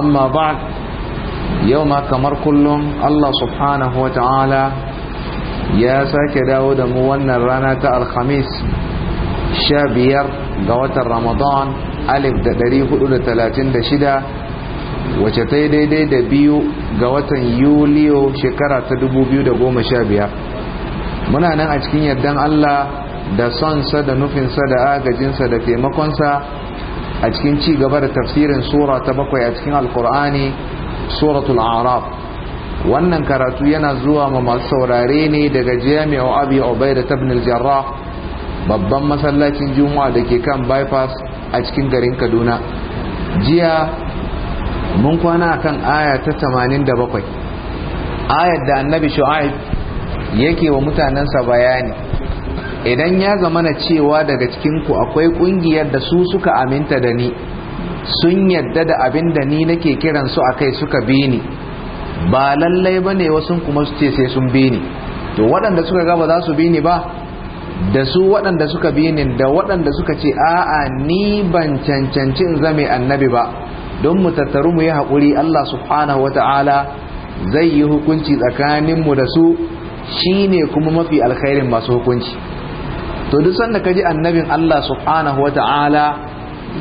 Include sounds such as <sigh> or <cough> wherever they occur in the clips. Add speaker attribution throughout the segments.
Speaker 1: amma ba'd yau ma kamar kullum Allah subhanahu wa ta'ala ya sake dawo da mu wannan rana ta alhamis sha biyar ga watan ramadan alif da ɗari hudu da talatin da shida wace ta yi daidai da biyu ga watan yuliyo shekara ta dubu biyu da goma sha biyar muna nan a cikin yardan Allah da sonsa da nufinsa da agajinsa da taimakonsa a cikin ci gaba da tafsirin sura ta bakwai a cikin alkur'ani suratul araf wannan karatu yana zuwa ma masu saurare ne daga jami'u abi obai da tabnil jarrah babban masallacin juma'a da ke kan bypass a cikin garin kaduna jiya mun kwana kan aya ta tamanin da bakwai. ayar da annabi shu'aib yake wa mutanensa bayani idan ya zamana cewa daga cikinku akwai ƙungiyar da su suka aminta da ni sun yadda da abin da ni nake kiran su akai suka bi ni ba lallai ba ne wasu kuma su ce sai sun bi ni to waɗanda suka ga ba za su bi ni ba da su waɗanda suka bi ni da waɗanda suka ce a'a ni ban cancanci in zame annabi ba don mu tattaru mu yi haƙuri Allah subhanahu wata'ala zai yi hukunci tsakaninmu da su shine kuma mafi alkhairin masu hukunci to duk sanda ka ji annabin Allah subhanahu wa ta'ala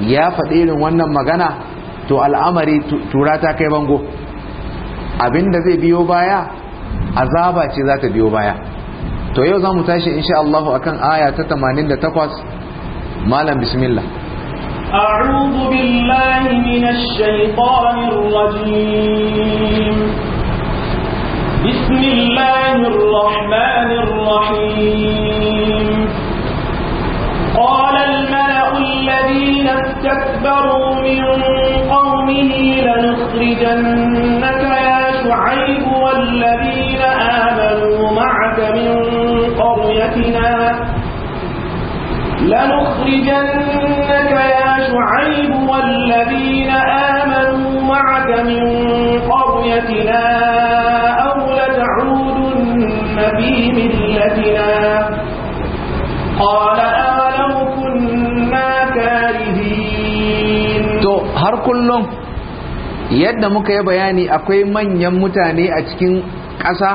Speaker 1: ya faɗi irin wannan magana to al'amari tura ta kai bango abinda zai biyo baya azaba ce za ta biyo baya to yau za mu tashi insha Allah akan aya ta 88 malam bismillah
Speaker 2: أعوذ بالله من الشيطان الرجيم بسم الله الرحمن الرحيم قال الملأ الذين استكبروا من قومه لنخرجنك يا شعيب والذين آمنوا معك من قريتنا لنخرجنك يا شعيب والذين آمنوا معك من قريتنا أو لتعودن في ملتنا har
Speaker 1: kullum yadda muka yi bayani akwai manyan mutane a cikin ƙasa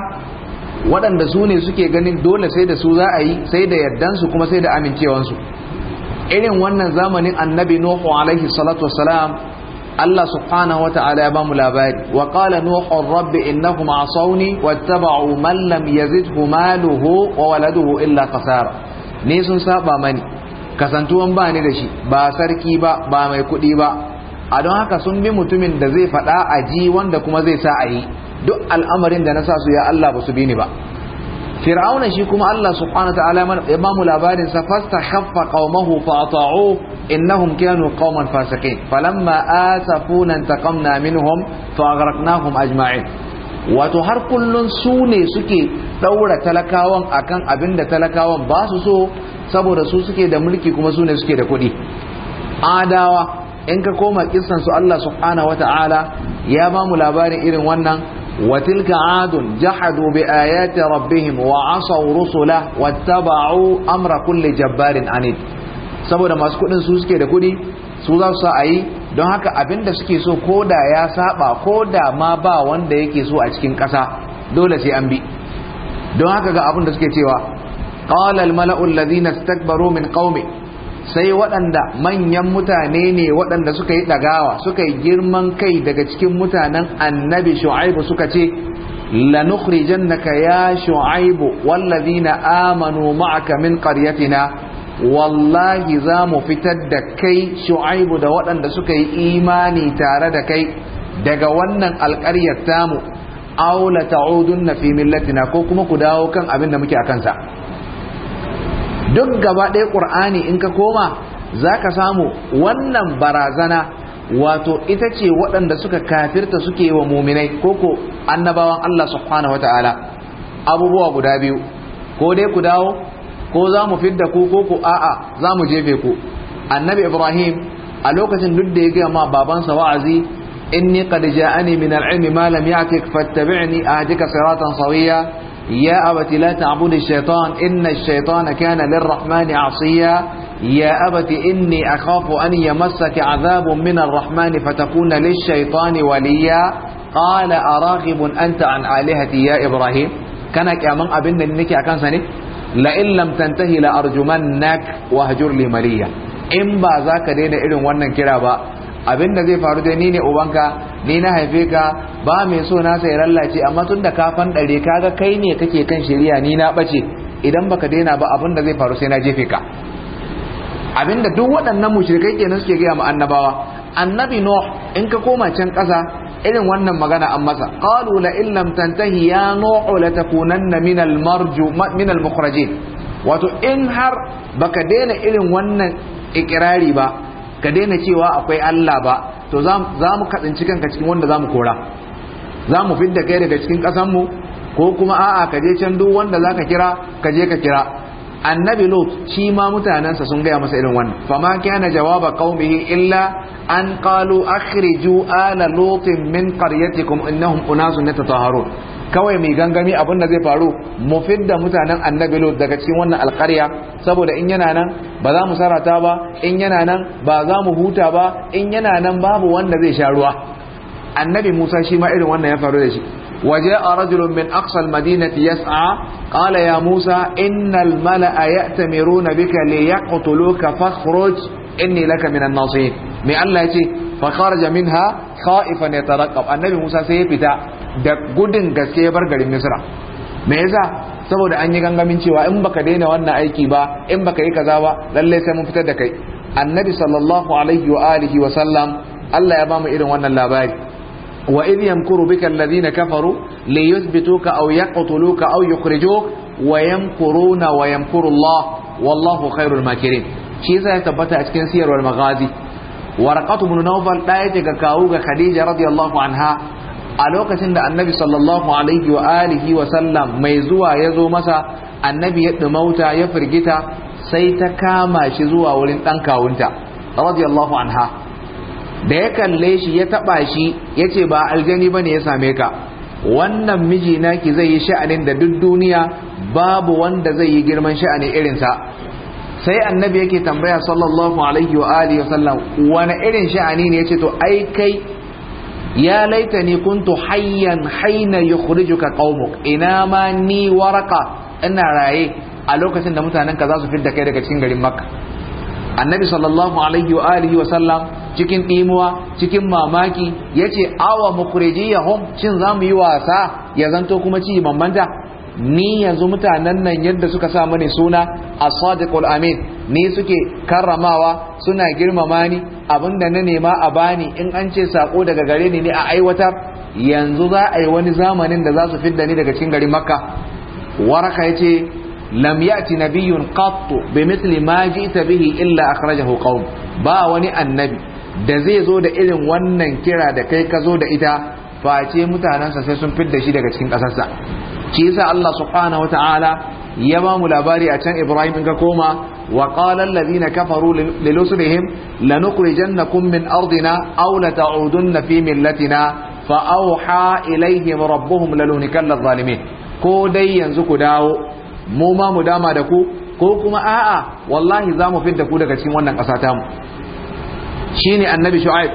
Speaker 1: waɗanda su ne suke ganin dole sai da su za a yi sai da yardansu kuma sai da amincewansu irin wannan zamanin annabi nuhu alaihi salatu wasalam Allah subhanahu wa ta'ala ya bamu labari wa qala nuhu rabbi innahum asawni wattaba'u man lam yazidhu maluhu wa waladuhu illa khasara ne sun saba mani kasantuwan ba ni da shi ba sarki ba ba mai kuɗi ba a don haka sun bi mutumin da zai faɗa a ji wanda kuma zai sa a yi duk al'amarin da na sa su ya Allah ba su bi ni ba fir'auna shi kuma Allah subhanahu ta'ala ya ba mu labarin sa fasta khaffa qaumahu fa ata'u innahum kanu qauman fasiqin falamma asafuna minhum fa aghraqnahum ajma'in wato har kullun su ne suke daura talakawan akan abin da talakawan ba su so saboda su suke da mulki kuma su ne suke da kuɗi adawa in ka koma kissan su Allah subhanahu wata'ala ya ba mu labarin irin wannan wa tilka adun jahadu bi ayati rabbihim wa asaw rusula wattaba'u amra kulli jabbarin anid saboda masu kudin su suke da kudi su za su sa ayi don haka abinda suke so koda ya saba koda ma ba wanda yake so a cikin kasa dole sai an bi don haka ga abin da suke cewa qala al mala'u alladhina istakbaru min qaumi sai waɗanda manyan mutane ne waɗanda suka yi ɗagawa suka yi girman kai daga cikin mutanen annabi shu'aibu suka ce lanukhrijannaka ya shu'aibu wallazina amanu ma'aka min qaryatina wallahi za mu fitar da kai shu'aibu da waɗanda suka yi imani tare da kai daga wannan alƙaryar tamu aula ta'udunna fi millatina ko kuma ku dawo kan abin da muke a kansa duk gaba ɗaya ƙur'ani in ka koma za ka samu wannan barazana wato ita ce waɗanda suka kafirta suke wa muminai ko ko annabawan Allah subhanahu wata'ala abubuwa guda biyu ko dai ku dawo ko za mu fidda ku ko ku a'a za mu jefe ku annabi ibrahim a lokacin duk da ya gaya ma babansa wa'azi inni qad ja'ani min al-ilmi ma lam ya'tik fattabi'ni ahdika siratan sawiya يا أبت لا تعبد الشيطان إن الشيطان كان للرحمن عصيا يا أبت إني أخاف أن يمسك عذاب من الرحمن فتكون للشيطان وليا قال أراغب أنت عن آلهتي يا إبراهيم كان كأمن أبن النكي أكان سني لئن لم تنتهي لأرجمنك واهجر لي مليا إن با ذاك دين إلن ونن كرابا abin da zai faru dai ni ne ubanka ni na haife ka ba mai so na sai rallace amma tun da ka dare kaga kai ne kake kan shari'a ni na bace idan baka daina ba abin da zai faru sai na jefe ka abin da duk waɗannan mushrikai kenan suke gaya ma annabawa annabi nuh in ka koma can ƙasa irin wannan magana an masa qalu la in tantahi ya nu'u la takunanna min al marju min al mukhrajin wato in har baka daina irin wannan ikirari ba ka daina cewa akwai Allah ba to za mu katsinci kanka cikin wanda za mu kora za mu fidda kai daga cikin ƙasanmu ko kuma a'a ka je can duk wanda za ka kira ka je ka kira annabi lot shi ma mutanensa sun gaya masa irin wannan fama kana jawaba qaumihi illa an qalu akhriju ala lutin min qaryatikum innahum unasun yatataharun kawai mai gangami abin da zai faru mu fidda mutanen annabi lut daga cikin wannan alƙarya saboda in yana nan ba za mu sarata ba in yana nan ba za mu huta ba in yana nan babu wanda zai sha ruwa annabi musa shi ma irin wannan ya faru da shi waje a rajulun min aqsal madinati yas'a qala ya musa innal mala'a ya'tamiruna bika li yaqtuluka fakhruj inni laka minan nasir mai allah ya ce fa kharaja minha khaifan yataraqab annabi musa sai ya fita da gudun gaske ya bar garin misra me yasa saboda an yi gangamin cewa in baka daina wannan aiki ba in baka yi kaza ba lalle sai mun fitar da kai annabi sallallahu alaihi wa alihi wa sallam Allah ya bamu irin wannan labari wa idh yamkuru bika alladhina kafaru li yuthbituka aw yaqtuluka aw yukhrijuk wa yamkuruna wa yamkuru Allah wallahu khairul makirin shi yasa ya tabbata a cikin siyarwar magazi warqatu ibn nawfal da ya ga kawu ga khadija radiyallahu anha a lokacin da annabi sallallahu alaihi wa alihi wa sallam mai zuwa ya zo masa annabi ya dumauta ya firgita sai ta kama shi zuwa wurin dan kawunta radiyallahu anha da ya kalle shi ya taba shi ya ce ba aljani bane ya same ka wannan miji naki zai yi sha'anin da duk duniya babu wanda zai yi girman sha'ani irinsa sai annabi yake tambaya sallallahu alaihi wa alihi wa sallam wani irin sha'ani ne yace to ai kai ya laita ni kuntu hayyan haina yukhrijuka qaumuk ina ma ni waraka ina raye a lokacin da mutanen ka za su fidda kai daga cikin garin makka annabi sallallahu alaihi wa alihi wa sallam cikin dimuwa cikin mamaki yace awa mukhrijiyahum Cin zamu yi wasa ya zanto kuma ci bambanta ni yanzu mutanen nan yadda suka sa mani suna asadiqul sadiqul amin ni suke karramawa suna girmama ni abinda na nema a bani in an ce sako daga gare ni ne a aiwatar yanzu za a yi wani zamanin da za su fidda ni daga cikin garin makka waraka yace lam yati nabiyyun qattu bimithli ma ji'ta bihi illa akhrajahu qaum ba wani annabi da zai zo da irin wannan kira da kai ka zo da ita face mutanansa sai sun fidda shi daga cikin kasarsa shi yasa Allah subhanahu wataala ya ba mu labari a can Ibrahim in ka koma وقال الذين lilusrihim لرسلهم لنخرجنكم من أرضنا أو لتعودن في ملتنا فأوحى إليهم ربهم لنهلكن الظالمين ko dai yanzu ku dawo mu ma mu dama da ku ko kuma a'a wallahi za mu fidda ku daga cikin wannan ƙasa ta mu shine annabi shu'aib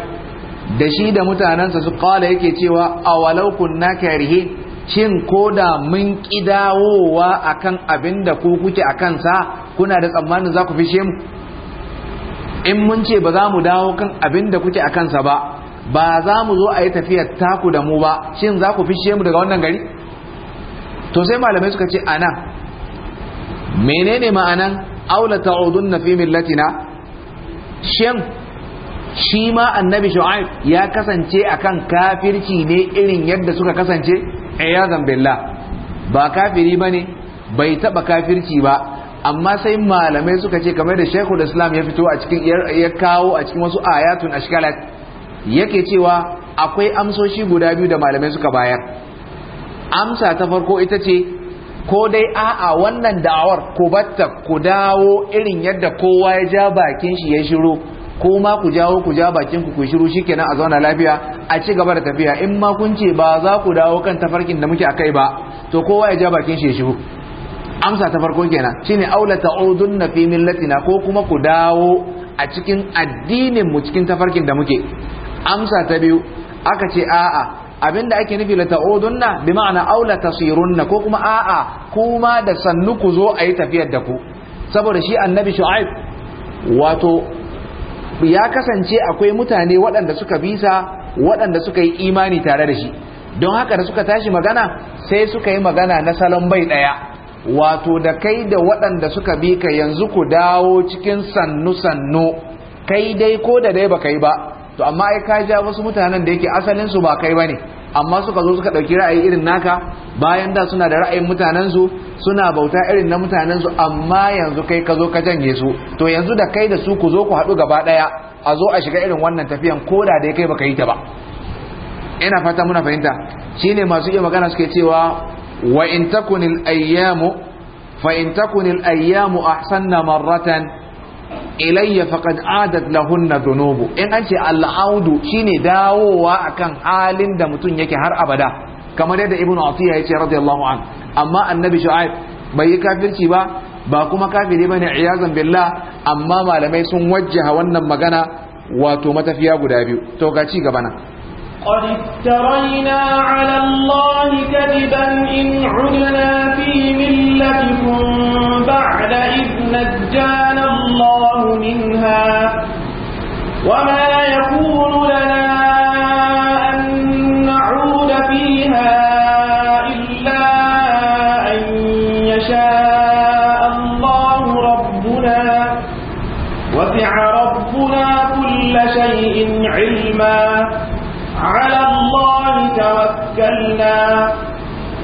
Speaker 1: da shi da mutanansa su kala yake cewa awalau kunna karihin shin ko da mun ƙi dawowa a kan abin da ku kuke a kansa kuna da tsammanin za ku fishe mu in mun ce ba za mu dawo kan abin da kuke a kansa ba ba za mu zo a yi tafiyar taku da mu ba shin za ku fishe mu daga wannan gari to sai malamai suka ce a menene ma'anan aula ta'udun na fi millatina shin shi ma annabi shu'aib ya kasance akan kafirci ne irin yadda suka kasance iyadan billah ba kafiri bane bai taba kafirci ba amma sai malamai suka ce kamar da Sheikhul Islam ya fito a cikin ya kawo a cikin wasu ayatun ashkalat yake cewa akwai amsoshi guda biyu da malamai suka bayar amsa ta farko ita ce ko dai a'a wannan da'awar ku batta ku dawo irin yadda kowa ya ja bakin shi ya shiro ko ma ku jawo ku ja bakin ku ku shiru shikenan a zauna lafiya a ci gaba da tafiya in ma kun ce ba za ku dawo kan tafarkin da muke akai ba to kowa ya ja bakin shi ya shiru amsa ta farko kenan shine aula ta'udunna fi millatina ko kuma ku dawo a cikin addinin mu cikin tafarkin da muke amsa ta biyu aka ce a'a abinda ake nufi la ta'udunna bi ma'ana aula tasirunna ko kuma a'a kuma da sannu ku zo ayi tafiyar da ku saboda shi annabi shu'aib wato ya kasance akwai mutane waɗanda suka bisa waɗanda suka yi imani tare da shi don haka da suka tashi magana sai suka yi magana na salon bai ɗaya wato da kai da waɗanda suka bi ka yanzu ku dawo cikin sannu sannu kai dai ko da dai baka yi ba to amma ai ka ja wasu mutanen da yake asalin su ba kai bane amma suka zo suka ɗauki ra'ayi irin naka bayan da suna da ra'ayin mutanensu suna bauta irin na mutanensu amma yanzu kai ka zo ka janye su to yanzu da kai da su ku zo ku haɗu gaba ɗaya a zo a shiga irin wannan tafiyan ko da dai kai baka yi ta ba ina fata muna fahimta shine masu iya magana suke cewa wa in takunil ayyamu fa in takunil ayyamu ahsanna marratan ilayya faqad adat lahunna dhunubu in an ce audu shine dawowa akan halin da mutum yake har abada kamar yadda ibnu atiya yace radiyallahu an amma annabi shu'aib bai yi kafirci ba ba kuma kafiri bane iyazan billah amma malamai sun wajjaha wannan magana wato matafiya guda biyu to ga ci gaba nan
Speaker 2: قد افترينا على الله كذبا إن عدنا في ملتكم بعد إذ نجانا الله منها وما يكون لنا أن نعود فيها إلا أن يشاء الله ربنا وسع ربنا كل شيء علما على الله توكلنا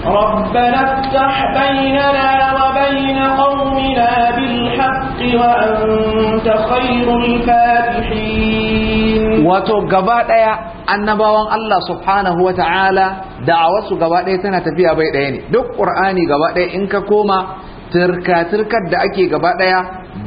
Speaker 2: ربنا افتح بيننا وبين قومنا بالحق وأنت خير الفاتحين
Speaker 1: wato gabaɗaya annabawan Allah subhanahu wa ta'ala da'awarsu gaba ɗaya tana tafiya bai ɗaya ne duk ƙur'ani gaba ɗaya in ka koma turka-turkar da ake gaba ɗaya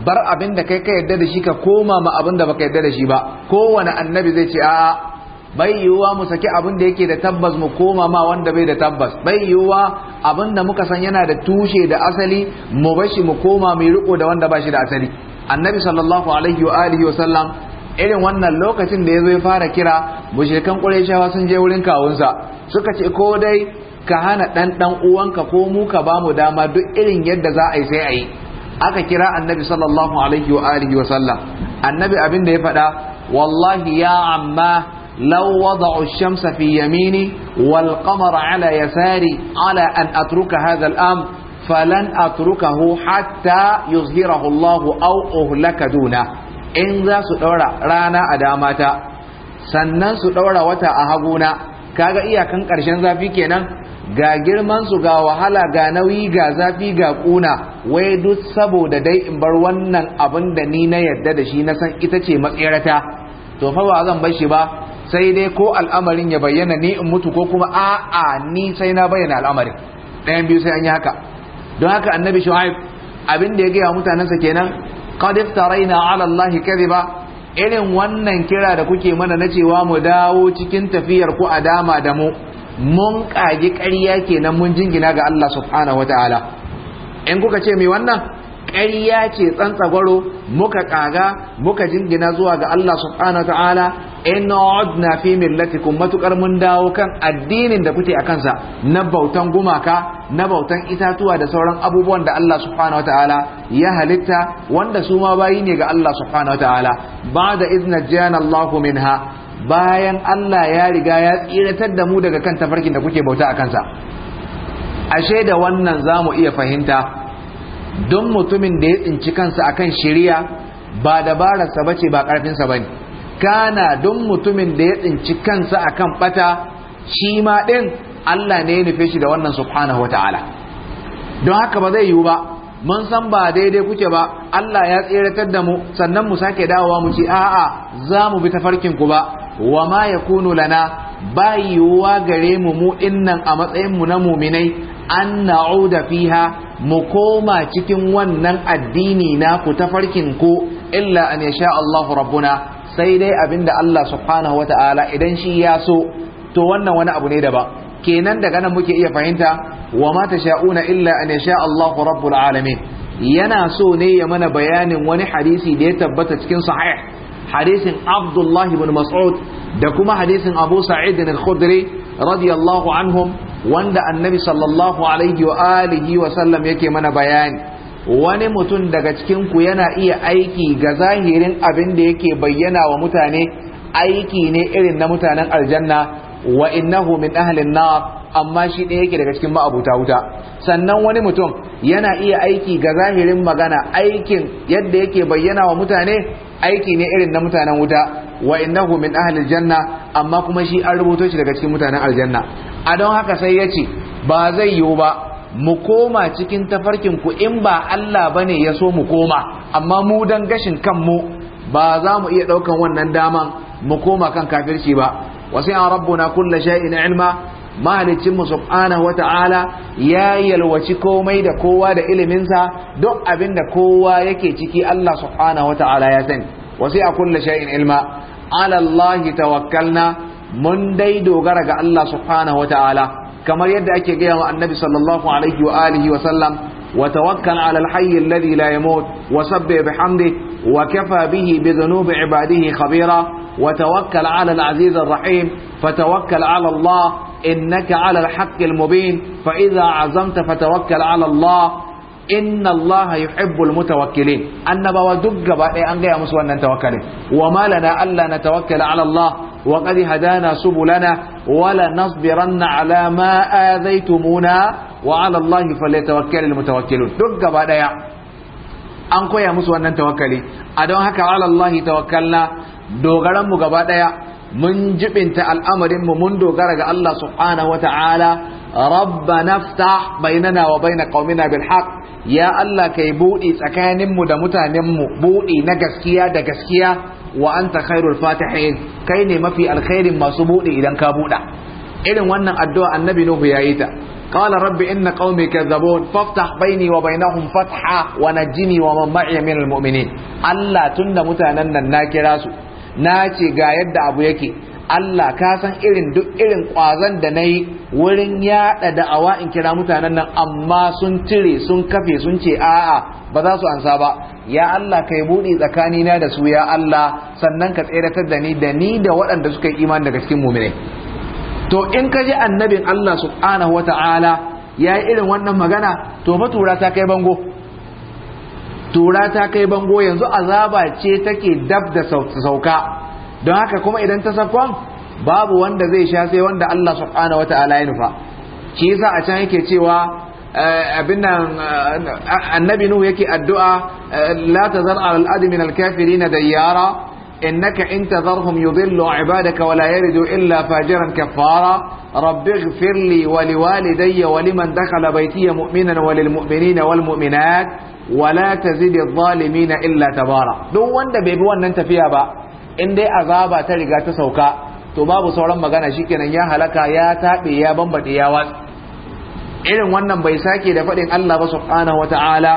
Speaker 1: bar abin da kai ka yarda da shi ka koma ma abin da baka yarda da shi ba kowane annabi zai ce a'a bai yiwuwa mu saki abin da yake da tabbas mu koma ma wanda bai da tabbas bai yiwuwa abin da muka san yana da tushe da asali mu bashi mu koma mai riko da wanda bashi da asali annabi sallallahu alaihi wa alihi wa sallam irin wannan lokacin da yazo ya fara kira mushrikan quraishawa sun je wurin kawunsa suka ce ko dai ka hana dan dan uwanka ko mu ka bamu dama duk irin yadda za a yi sai a yi aka kira annabi sallallahu alaihi wa alihi wa sallam annabi abin da ya faɗa wallahi ya amma لو وضعوا الشمس في يميني والقمر على يساري على أن أترك هذا الأمر فلن أتركه حتى يظهره الله أو أهلك دونه إن ذا سدورة رانا أداماتا sannan su ɗaura wata a haguna kaga iyakan ƙarshen zafi kenan ga girman su ga wahala ga nauyi ga zafi ga ƙuna wai duk saboda dai in bar wannan abin da ni na yarda da shi na san ita ce matsirata to fa ba zan bar shi ba sai dai ko al'amarin ya bayyana ni in mutu ko kuma a'a ni sai na bayyana al'amarin ɗayan biyu sai an yi haka don haka annabi shu'aib abin da ya gaya mutanensa kenan qad iftaraina ala allahi kadhiba irin wannan kira da kuke mana na cewa mu dawo cikin tafiyar ku a dama da mu mun kage ƙarya kenan mun jingina ga Allah subhanahu wataala in kuka ce mai wannan ƙarya ce tsantsagwaro muka kaga muka jingina zuwa ga Allah subhanahu wataala in na fi millatikum matukar mun dawo kan addinin da kuke akan sa na bautan gumaka na bautan itatuwa da sauran abubuwan da Allah subhanahu wataala ya halitta wanda su ma bayi ne ga Allah subhanahu wataala ba'da izna jana Allahu minha bayan Allah ya riga ya tsiratar da mu daga kan tafarkin da kuke bauta akan sa ashe da wannan zamu iya fahimta don mutumin da ya tsinci kansa akan shiriya ba dabararsa bace ba karfinsa bane kana don mutumin da ya tsinci kansa a kan bata shi ma ɗin Allah ne ya nufe shi da wannan subhanahu ta'ala don haka ba zai yiwu ba mun san ba daidai kuke ba Allah ya tseratar da mu sannan mu sake dawowa mu ce a'a za mu bi tafarkin ku ba wa ma yakunu lana ba yiwuwa gare mu mu a matsayin mu na muminai an na'uda fiha mu koma cikin wannan addini na ku tafarkin ku illa an yasha Allah rabbuna sai dai abinda Allah subhanahu ta'ala idan shi ya so to wannan wani abu ne ba kenan daga nan muke iya fahimta wa ma tasha'una illa an yasha Allahu rabbul alamin yana so ne ya mana bayanin wani hadisi da ya tabbata cikin sahih hadisin Abdullah ibn Mas'ud da kuma hadisin Abu Sa'id al-Khudri radiyallahu anhum wanda annabi sallallahu alaihi wa alihi wa sallam yake mana bayani wani mutum daga cikinku yana iya aiki ga zahirin abin da yake bayyana wa mutane aiki ne irin na mutanen aljanna wa innahu min ahlin nar amma shi ɗaya yake daga cikin ma'abuta wuta sannan wani mutum yana iya aiki ga zahirin magana aikin yadda yake bayyana wa mutane aiki ne irin na mutanen wuta wa innahu min ahlil janna amma kuma shi an rubuto shi daga cikin mutanen aljanna a don haka sai ya ce ba zai yiwu ba mu koma cikin tafarkin ku in ba Allah bane ya so mu koma amma mu dan gashin kanmu ba za mu iya ɗaukan wannan daman mu koma kan kafirci ba wasi an rabbuna kullu shay'in ilma mahalicin mu subhanahu wata'ala ya yalwaci komai da kowa da iliminsa duk abin da kowa yake ciki Allah subhanahu wata'ala ya sani wasi a kullu shay'in ilma ala Allah tawakkalna mun dai dogara ga Allah subhanahu wata'ala kamar yadda ake gaya wa annabi sallallahu alaihi wa alihi wa sallam wa tawakkal ala alhayy alladhi la yamut wa sabbih bihamdi wa kafa bihi bi dhunubi ibadihi khabira wa tawakkal ala alaziz arrahim fatawakkal ala allah innaka ala alhaqqi almubin fa idha azamta fatawakkal ala allah inna Allah yuhibbul mutawakkilin annabawa duk gaba ɗaya an gaya musu wannan tawakkalin wa ma lana alla natawakkala ala Allah wa qad hadana subulana wa la nasbiranna ala ma azaytumuna wa ala Allah falyatawakkalul mutawakkilun duk gaba ɗaya an koya musu wannan tawakkali a don haka ala Allah tawakkalna dogaran mu gaba ɗaya mun jibinta al'amarin mu mun dogara ga Allah subhanahu wa ta'ala rabbana ftah bainana wa baina qaumina bil ya Allah kai buɗi tsakaninmu da mutanenmu buɗi na gaskiya da gaskiya wa anta khairul kai ne mafi alkhairin masu buɗe idan ka buɗe. irin wannan addu'a annabi nuhu yayi ta qala rabbi inna qaumi kadzabun faftah baini wa bainahum fatha wa najini wa man ma'i minal mu'minin Allah tunda mutanen nan na kira su na ce ga yadda abu yake Allah ka san irin duk irin ƙwazon da na yi wurin yaɗa da'awa in kira mutanen nan amma sun cire sun kafe sun ce a'a ba za su ansa ba ya Allah kai yi buɗe tsakanina da su ya Allah sannan ka tseratar da ni da ni da waɗanda suka yi imani daga cikin mumine to in ka ji annabin Allah subhanahu wata'ala ya yi irin wannan magana to fa tura ta kai bango tura ta kai bango yanzu azaba ce take dab da sauka don haka kuma idan ta sakwan babu wanda zai sha sai wanda Allah subhanahu wata'ala ya nufa shi yasa a can yake cewa eh, abin nan eh, annabi nuhu yake addu'a eh, la tazar al adi min al kafirin dayyara innaka in tazarhum yudillu ibadaka wa la yaridu illa fajiran kaffara rabbi ighfir li wa liwalidayya wa liman dakhala baytiya mu'minan wa lil mu'minina wal mu'minat wa la tazid adh-dhalimina illa tabara duk wanda bai bi wannan tafiya ba in dai azaba ta riga ta sauka to babu sauran magana shikenan ya halaka ya taɓe ya bambaɗe ya watsa irin wannan bai sake da faɗin Allah ba subhanahu wata'ala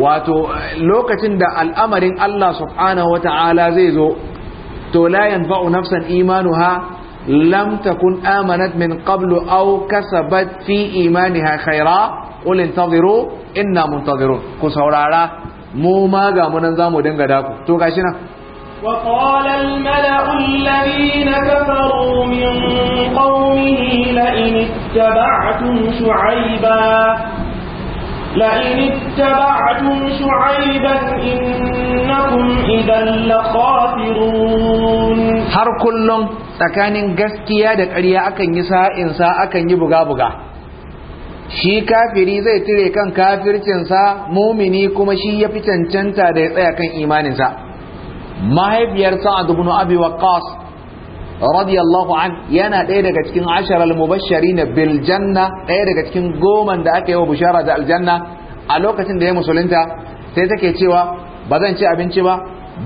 Speaker 1: wato lokacin da al'amarin Allah subhanahu wata'ala zai zo to la yanfa'u nafsan imanuha lam takun amanat min qablu aw kasabat fi imaniha khaira qul intaziru inna muntazirun ku saurara mu ma ga munan zamu dinga daku to gashi nan
Speaker 2: وقال الملأ الذين كفروا من قومه لئن اتبعتم شعيبا لئن اتبعتم شعيبا إنكم إذا لخاسرون هر kullum tsakanin
Speaker 1: gaskiya da ƙarya akan yi sa'insa akan yi buga shi kafiri zai tire kan kafircinsa mumini kuma shi ya fi cancanta da ya tsaya kan imaninsa mahaifiyar sa'ad ibn abi waqqas radiyallahu an yana ɗaya daga cikin ashirar al mubashari na Biljanna, ɗaya daga cikin goman da aka yi wa bishara da aljanna a lokacin da ya musulunta sai take cewa ba zan ci abinci ba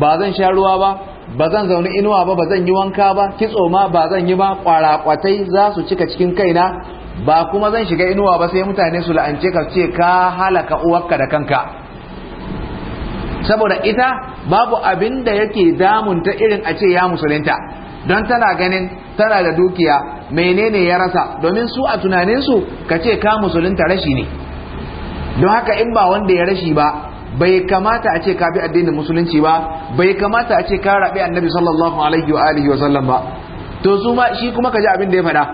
Speaker 1: ba zan sha ruwa ba ba zan zaune inuwa ba ba zan yi wanka ba kitso ma ba zan yi ba kwarakwatai za su cika cikin kaina ba kuma zan shiga inuwa ba sai mutane su la'ance ka ce ka halaka uwarka da kanka saboda ita babu abin da yake damunta irin a ce ya musulunta don tana ganin tana da dukiya menene ya rasa domin su a tunaninsu ka ce ka musulunta rashi ne don haka in ba wanda ya rashi ba bai kamata a ce ka bi addinin musulunci ba bai kamata a ce ka rabi annabi sallallahu alaihi wa alihi wa sallam ba to su ma shi kuma ka ji abin da ya faɗa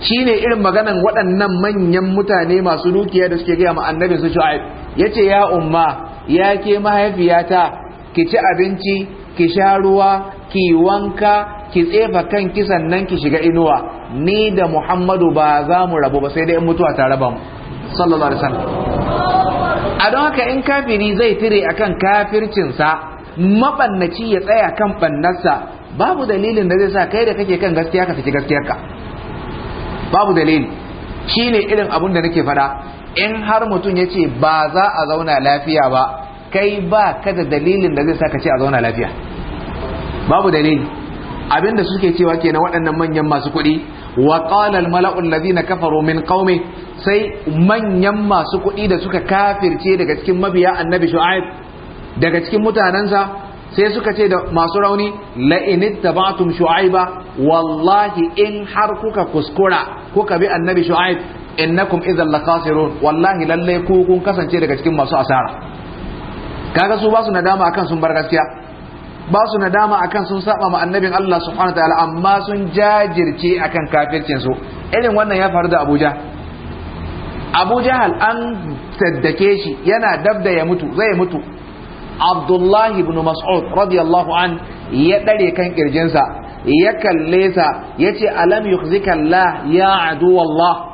Speaker 1: shine irin maganan waɗannan manyan mutane masu dukiya da suke gaya ma annabi su Shu'aib yace ya umma ya ke mahaifiyata ki ci abinci ki sha ruwa ki wanka ki tsefa kan kisan nan ki shiga inuwa ni da muhammadu ba za mu rabu ba sai dai in mutuwa ta raba mu sallallahu alaihi wasallam a don haka in kafiri zai tire akan kafircinsa mabannaci ya tsaya kan bannarsa babu dalilin da zai sa kai da kake kan gaskiya ka saki gaskiyarka babu dalili shine irin abun da nake faɗa in har mutum ya ce ba za a zauna lafiya ba kai ba ka da dalilin da zai saka ce a zauna lafiya babu dalili abinda suke cewa kenan waɗannan manyan masu kuɗi wa qala al mala'u alladhina kafaru min qaumi sai manyan masu kuɗi da suka kafirce daga cikin mabiya annabi shu'aib daga cikin mutanansa sai suka ce da masu rauni la'init taba'atum shu'aiba wallahi in har kuka kuskura kuka bi annabi shu'aib innakum idhal lakhasirun wallahi lalle ku kun kasance daga cikin masu asara kaga su ba su nadama akan sun bar gaskiya ba su nadama akan sun saba ma annabin Allah subhanahu wa ta'ala amma sun jajirce akan kafircin su irin wannan ya faru da Abuja Abuja hal an saddake shi yana dabda ya mutu zai mutu Abdullahi ibn Mas'ud radiyallahu an ya dare kan kirjinsa ya kalle sa yace alam yukhzika Allah ya aduwallah. Allah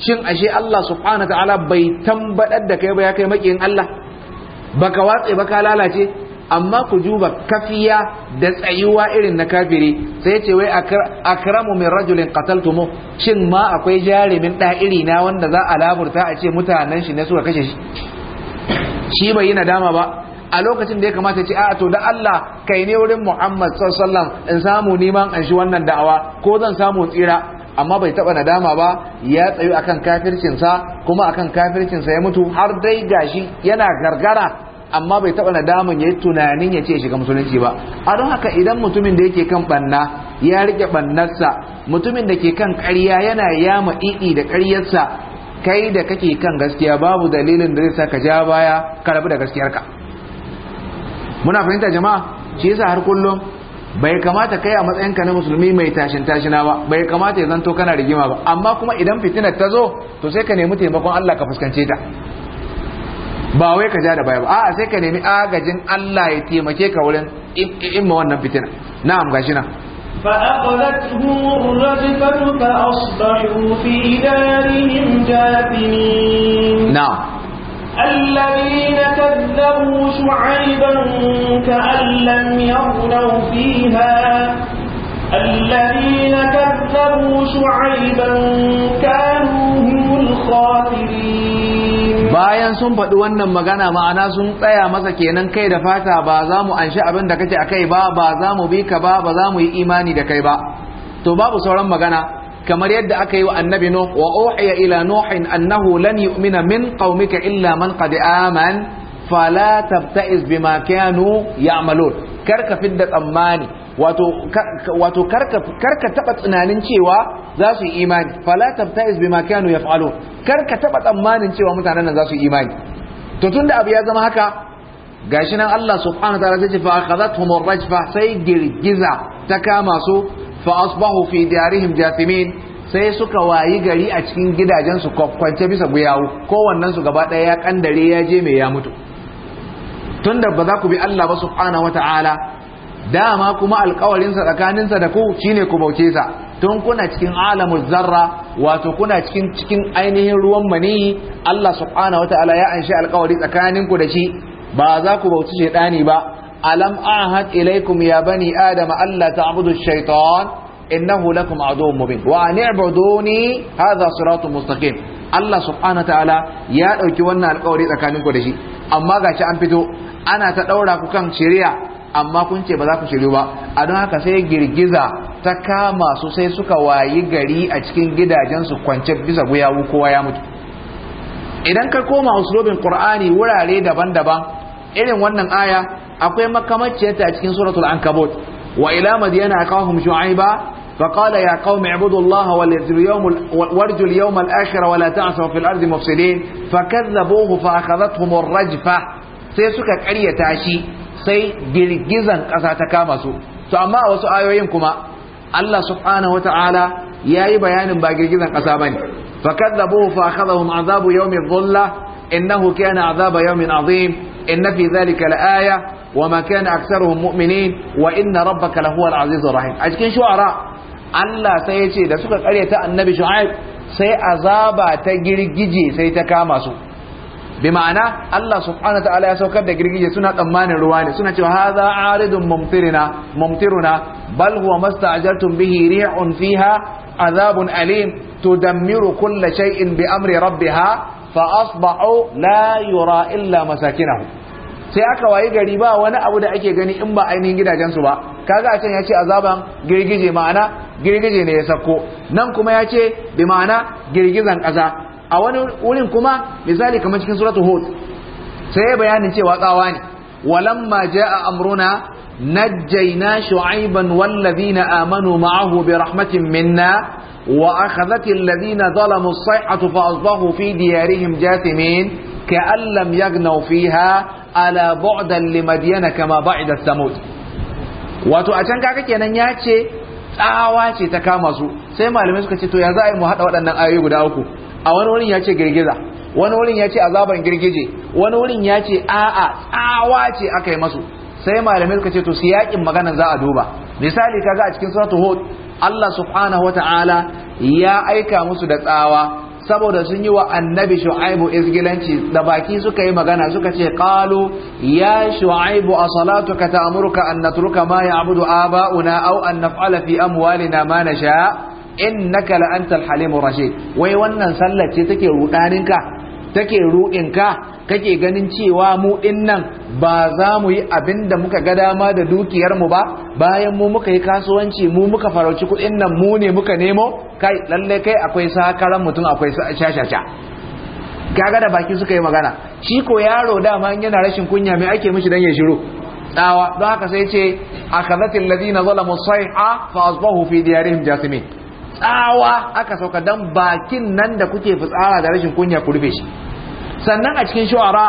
Speaker 1: shin ashe Allah subhanahu ta'ala bai tambadar da kai ba ya kai makiyin Allah baka watse ba ka lalace amma ku juba kafiya da tsayuwa irin na kafiri sai ce wai akramu min rajulin qataltumu shin ma akwai jarimin da iri na wanda za a laburta a ce mutanen shi ne suka kashe shi shi bai yi nadama ba a lokacin da ya kamata ce a to da Allah kai ne wurin Muhammad sallallahu alaihi wasallam in samu neman an shi wannan da'awa ko zan samu tsira amma bai taba nadama ba ya tsayu akan kafircinsa kuma akan kafircinsa ya mutu har dai gashi yana gargara amma bai taba nadaman yayi tunanin ya ce shiga musulunci ba a don haka idan mutumin da yake kan banna ya rike bannarsa mutumin da ke kan ƙarya yana yama iɗi da ƙaryarsa kai da kake kan gaskiya babu dalilin da zai saka ja baya ka rabu da gaskiyarka muna fahimta jama'a shi yasa har kullum bai kamata kai a matsayinka na musulmi mai tashin tashina ba bai kamata ya zanto kana rigima ba amma kuma idan fitinar ta zo to sai ka nemi taimakon Allah ka fuskance ta ba wai ka ja da baya ba a'a sai ka nemi agajin Allah ya taimake ka wurin imma wannan fitina na'am gashi nan
Speaker 2: فأخذتهم الرجفة فأصبحوا في دارهم جاثمين نعم الذين كذبوا شعيبا كأن لم يغنوا فيها الذين كذبوا شعيبا كانوا هم الخاسرين
Speaker 1: bayan sun faɗi wannan magana ma'ana sun tsaya masa kenan kai da fata ba za mu anshi abin da kake akai ba ba za mu bi ka ba ba za mu yi imani da kai ba to babu sauran magana kamar yadda aka yi wa annabi nuh wa uhiya ila nuhin annahu lan yu'mina min qaumika illa man qad aman fala tabta'is bima kanu ya'malun karka fidda tsammani wato karka taba tunanin cewa za su yi imani fala tabta'is bima kanu yaf'alun karka taba tsammanin cewa mutanen nan za su yi imani to tunda abu ya zama haka gashi nan Allah subhanahu wa ta'ala zai ce fa akhadathum ar-rajfa sai girgiza ta kama su fa asbahu fi diyarihim sai suka wayi gari a cikin gidajensu su kwakwance bisa guyawu kowannen su gaba ɗaya ya kandare ya je mai ya mutu tunda ba za ku bi Allah ba subhanahu wataala dama kuma alkawarin sa tsakanin sa da ku shine ku bauce sa tun kuna cikin alamul zarra wato kuna cikin cikin ainihin ruwan mani Allah subhanahu wataala ya anshi alkawari tsakanin ku da shi ba za ku bauci d'ani ba alam ahad ilaikum ya bani adama Allah alla ta'budu shaitan innahu lakum adu mubin wa an i'buduni hadha siratun mustaqim Allah subhanahu wa ta'ala ya dauki wannan alƙawari tsakanin ku da shi amma gashi an fito ana ta daura ku kan shari'a amma kun ce ba za ku shiryu ba a don haka sai girgiza ta kama su sai suka wayi gari a cikin gidajensu kwance bisa guyawu kowa ya mutu idan ka koma usulobin qur'ani wurare daban-daban irin wannan aya akwai makamaciyarta a cikin suratul ankabut wa ila madiyana akahum shu'aiba فقال يا قوم اعبدوا الله وارجوا اليوم الآخر ولا تعثوا في الأرض مفسدين فكذبوه فأخذتهم الرجفة sai suka karya shi sai girgizan ƙasa ta kama su to amma wasu ayoyin kuma Allah subhanahu wata'ala yayi bayanin ba girgizan ƙasa bane fa kadzabuhu fa akhadhahum azabu yawmi dhulla innahu kana azaba yawmin azim inna fi dhalika la aya wa ma kana aktsaruhum mu'minin wa inna rabbaka lahuwal azizur rahim a cikin shu'ara Allah sai ya ce da suka karyata annabi shu'aib sai azaba ta girgije sai ta kama su bi ma'ana Allah subhanahu ta'ala ya saukar da girgije suna tsammanin ruwa ne suna cewa hadha aridun mumtirina mumtiruna bal huwa masta'jartum bihi rihun fiha azabun alim tudammiru kulla shay'in bi amri rabbiha fa asbahu la yura illa masakinahum sai aka wayi gari ba wani abu da ake gani in ba ainihin gidajensu ba kaga a can ya ce azaban girgije ma'ana girgije ne ya sako nan kuma ya ce bi ma'ana girgizan ƙasa a wani wurin kuma misali kamar cikin suratul hud sai ya bayanin cewa tsawa ne walamma ja'a amruna najjayna shu'ayban wallazina amanu ma'ahu bi rahmatin minna wa akhadhat alladhina zalamu as-sayhatu fa asbahu fi diyarihim jathimin كأن لم يغنوا فيها على بعدا لمدينة كما بعد الثمود wato a can kaga kenan ya ce tsawa ce ta kama su sai malamai suka ce to ya za a yi mu haɗa waɗannan ayoyi guda uku a wani wurin ya ce girgiza wani wurin ya ce azaban girgije wani wurin ya ce a'a tsawa ce aka yi masu sai malamai suka ce to su yakin magana za a duba misali kaga a cikin suratul hud Allah subhanahu wata'ala ya aika musu da tsawa saboda sun yi wa annabi shu'aibu izgilanci da baki suka yi magana suka ce qalu ya shu'aibu a salatuka ta'muruka an natruka ma ya ya'budu aba'una au an naf'ala fi amwalina ma nasha innaka la antal halimur rashid wai wannan sallar ce take rudaninka take ruɗinka kake ganin cewa mu nan ba za mu yi abin da muka ga dama da dukiyarmu ba bayan mu muka yi kasuwanci mu muka farauci kuɗin nan mu ne muka nemo kai lallai kai akwai sakaran mutum akwai shashasha kaga da baki suka yi magana shi ko yaro dama yana rashin kunya me ake mishi dan ya shiru tsawa don haka sai ce akhazatil ladina zalamu sayha fa asbahu fi diyarihim jasimin tsawa aka sauka dan bakin nan da kuke fitsara da rashin kunya ku rufe shi sannan a cikin shu'ara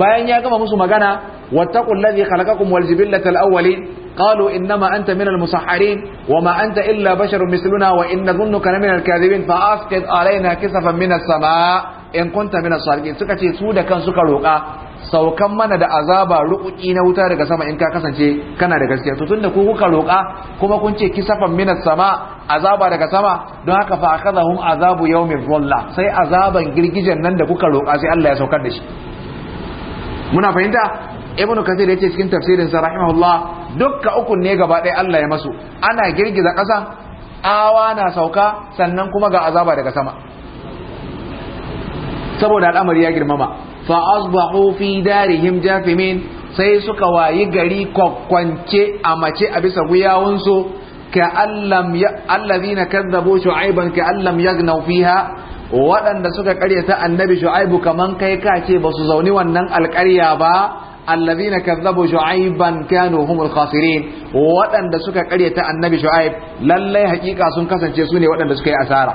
Speaker 1: bayan ya gama musu magana wattaqul ladhi khalaqakum wal jibillatal awwalin قالوا إنما أنت من المسحرين illa أنت misluna بشر مثلنا وإن minal من الكاذبين فأسقط na كسفا من sama in kunta min as suka ce su da kan suka roƙa saukan mana da azaba rukuki na wuta daga sama in ka kasance kana da gaskiya to tunda ku kuka roƙa kuma kun ce kisafan minas sama azaba daga sama don haka fa akadahum azabu yawmin dhulla sai azaban girgijen nan da kuka roƙa sai Allah ya saukar da shi muna fahimta ibnu kasir yace cikin tafsirin sa rahimahullah dukka ukun ne gaba ɗaya Allah ya masu ana girgiza ƙasa awa na sauka sannan kuma ga azaba daga sama saboda al'amari ya girmama fa asbahu fi darihim jafimin sai suka wayi gari kwakwance a mace a bisa guyawansu. ka allam allazina kadzabu shu'aiban ka allam yagnaw fiha waɗanda suka ƙaryata annabi shu'aibu kaman kai ce ba su zauni wannan alƙarya ba allazina kazzabu shu'aiban kanu humul khasirin waɗanda suka ƙaryata annabi shu'aib lallai hakika sun kasance su ne waɗanda suka yi asara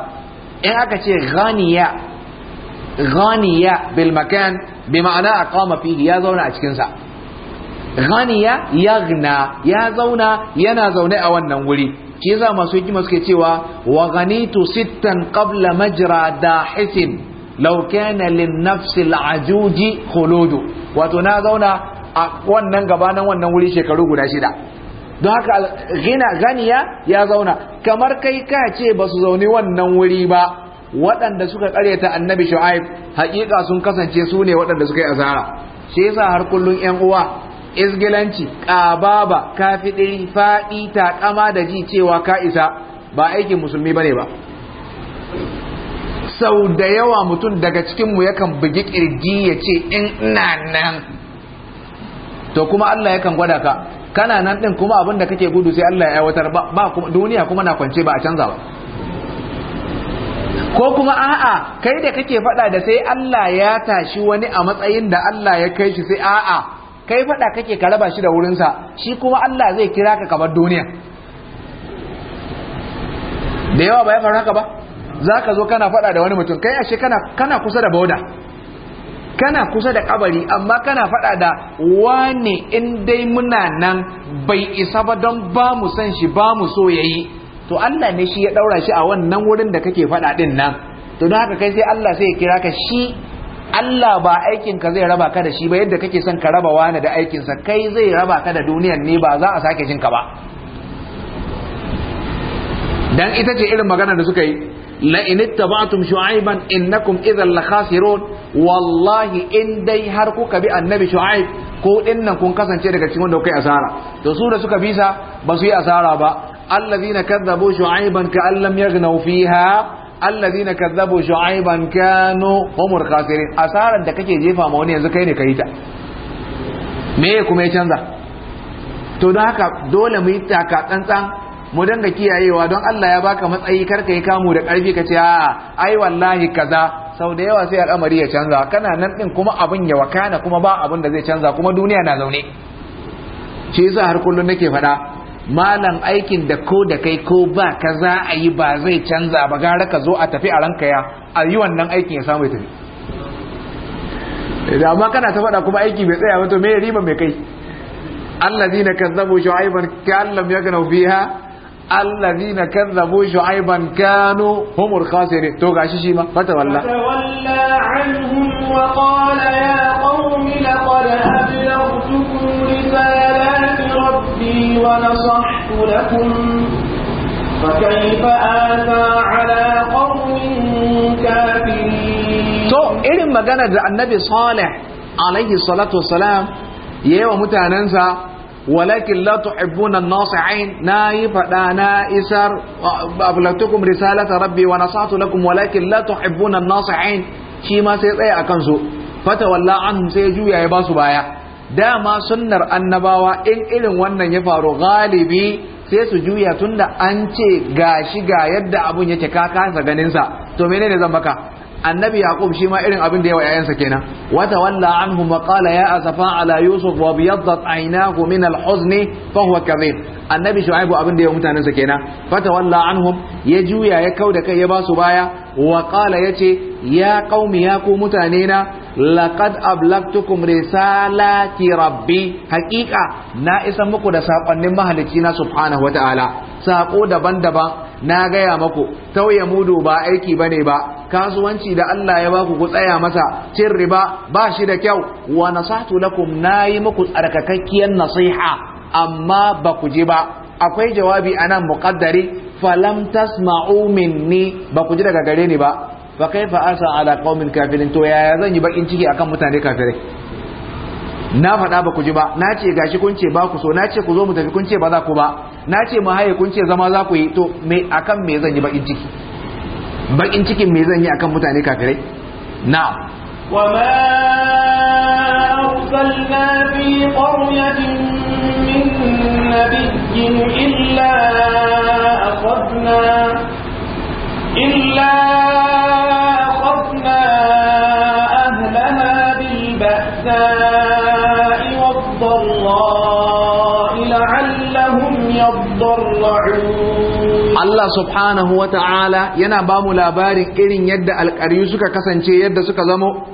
Speaker 1: in aka ce ghaniya ghaniya bil makan bi ma'ana aqama fihi ya zauna a cikin sa ghaniya yaghna ya zauna yana zaune a wannan wuri ke za masu hikima suke cewa wa ghanitu sittan qabla majra dahisin law kana lin nafsi ajuji khuludu wato na zauna a wannan gabanin wannan wuri shekaru guda shida don haka gina ganiya ya zauna kamar kai ka ce ba su zaune wannan wuri ba waɗanda suka karyata annabi shu'aib haƙiƙa sun kasance su ne waɗanda suka yi asara. shi yasa har kullun yan uwa izgilanci ƙababa kafiɗiri faɗi taƙama da ji cewa ka isa ba aikin musulmi bane ba sau da yawa mutum daga cikinmu yakan bugi ƙirji ya ce in ina nan to kuma Allah yakan gwada ka kana nan ɗin kuma abin da kake gudu sai Allah ya aiwatar ba duniya kuma na kwance ba a canza ba ko kuma a'a kai da kake faɗa da sai Allah ya tashi wani a matsayin da Allah ya kai shi sai a'a kai faɗa kake ka raba shi da wurinsa shi kuma Allah zai kira ka kamar duniya da yawa ba ya faru haka ba za ka zo kana faɗa da wani mutum kai ashe kana kana kusa da boda kana kusa da kabari amma kana faɗa da wani in dai muna nan bai isa ba don ba mu san shi ba mu so yayi to Allah ne shi ya daura shi a wannan wurin da kake faɗa din nan to don haka kai sai Allah sai ya kira ka shi Allah ba aikin ka zai raba ka da shi ba yadda kake son ka raba wani da aikin sa kai zai raba ka da duniyar ne ba za a sake jin ka ba dan ita ce irin magana da suka yi la in ittaba'tum shu'aiban innakum idhal la khasirun wallahi in dai har kuka bi annabi shu'aib ko dinnan kun kasance daga cikin wanda kai asara to su da suka bisa ba su yi asara ba الذين كذبوا شعيبا كأن لم يغنوا فيها الذين كذبوا شعيبا كانوا هم الخاسرين da kake jefa ma wani yanzu kai ne kai ta me kuma ya canza to dole mu yi taka tsantsan mu danga kiyayewa don Allah ya baka matsayi kar ka yi kamu da karfi ka ce a'a ai wallahi kaza sau da yawa sai al'amari ya canza kana nan din kuma abin ya wakana kuma ba abin da zai canza kuma duniya na zaune shi yasa har kullun nake faɗa malam aikin da ko da kai ko ba ka za a yi ba zai canza ba gara ka zo a tafi a ranka ya a yi wannan aikin ya samu ya tafi da amma kana ta faɗa kuma aiki bai tsaya wato mai riba mai kai allazina kazzabu shu'aiban kallam yakunu fiha الذين كذبوا شعيبا كانوا هم الخاسرين توقع شيما فتولى
Speaker 2: فتولى عنهم وقال يا قوم لقد أبلغتكم رسالات ربكم ربي ونصحت لكم فكيف آتى على قوم كافرين
Speaker 1: تو إلي مغانا النبي صالح عليه الصلاة والسلام يهوى متعننسا ولكن لا تحبون الناصحين ناي فدا نا إسر أبلغتكم رسالة ربي ونصحت لكم ولكن لا تحبون الناصحين شي ما سيطيع أكنسو فتولى عنهم سيجو يا يباسو بايا dama sunnar annabawa in irin wannan ya faru galibi sai su juya tunda an ce gashi ga yadda abun yake kakansa kasa ganin sa to menene zan baka? annabi yaqub shi ma irin abin da yawa yayansa kenan wa tawalla anhu wa qala ya asafa ala yusuf wa biyaddat aynahu min al-huzn fa huwa kadhib annabi shu'aib abin da yawa mutanansa kenan fa tawalla anhum ya juya ya kauda kai ya basu baya wa qala yace ya qaumi ya ku mutane na laqad risala risalati rabbi haqiqa na isa muku da sakonnin mahalicci na subhanahu wataala sako daban-daban na gaya muku tauye mudu ba aiki bane ba kasuwanci da Allah ya baku ku tsaya masa cin riba ba shi da kyau wa nasatu lakum nayi muku tsarkakakkiyar nasiha amma ba ku ji ba akwai jawabi anan muqaddari falam tasma'u minni ba ku ji daga gare ni ba fa kaifa asa ala qaumin kafirin to yaya zan yi bakin ciki akan mutane kafirai na faɗa ba ku ji ba na ce gashi kun ce ba ku so na ce ku zo mu tafi kun ce ba za ku ba na ce mu haye kun ce zama za ku yi to me akan me zan yi bakin ciki bakin cikin me zan yi akan mutane kafirai na
Speaker 2: wa ma arsalna fi qaryatin min nabiyyin illa akhadna illa Allah
Speaker 1: subhanahu wa ta’ala yana ba mu labarin irin yadda alƙari suka kasance yadda suka zamo,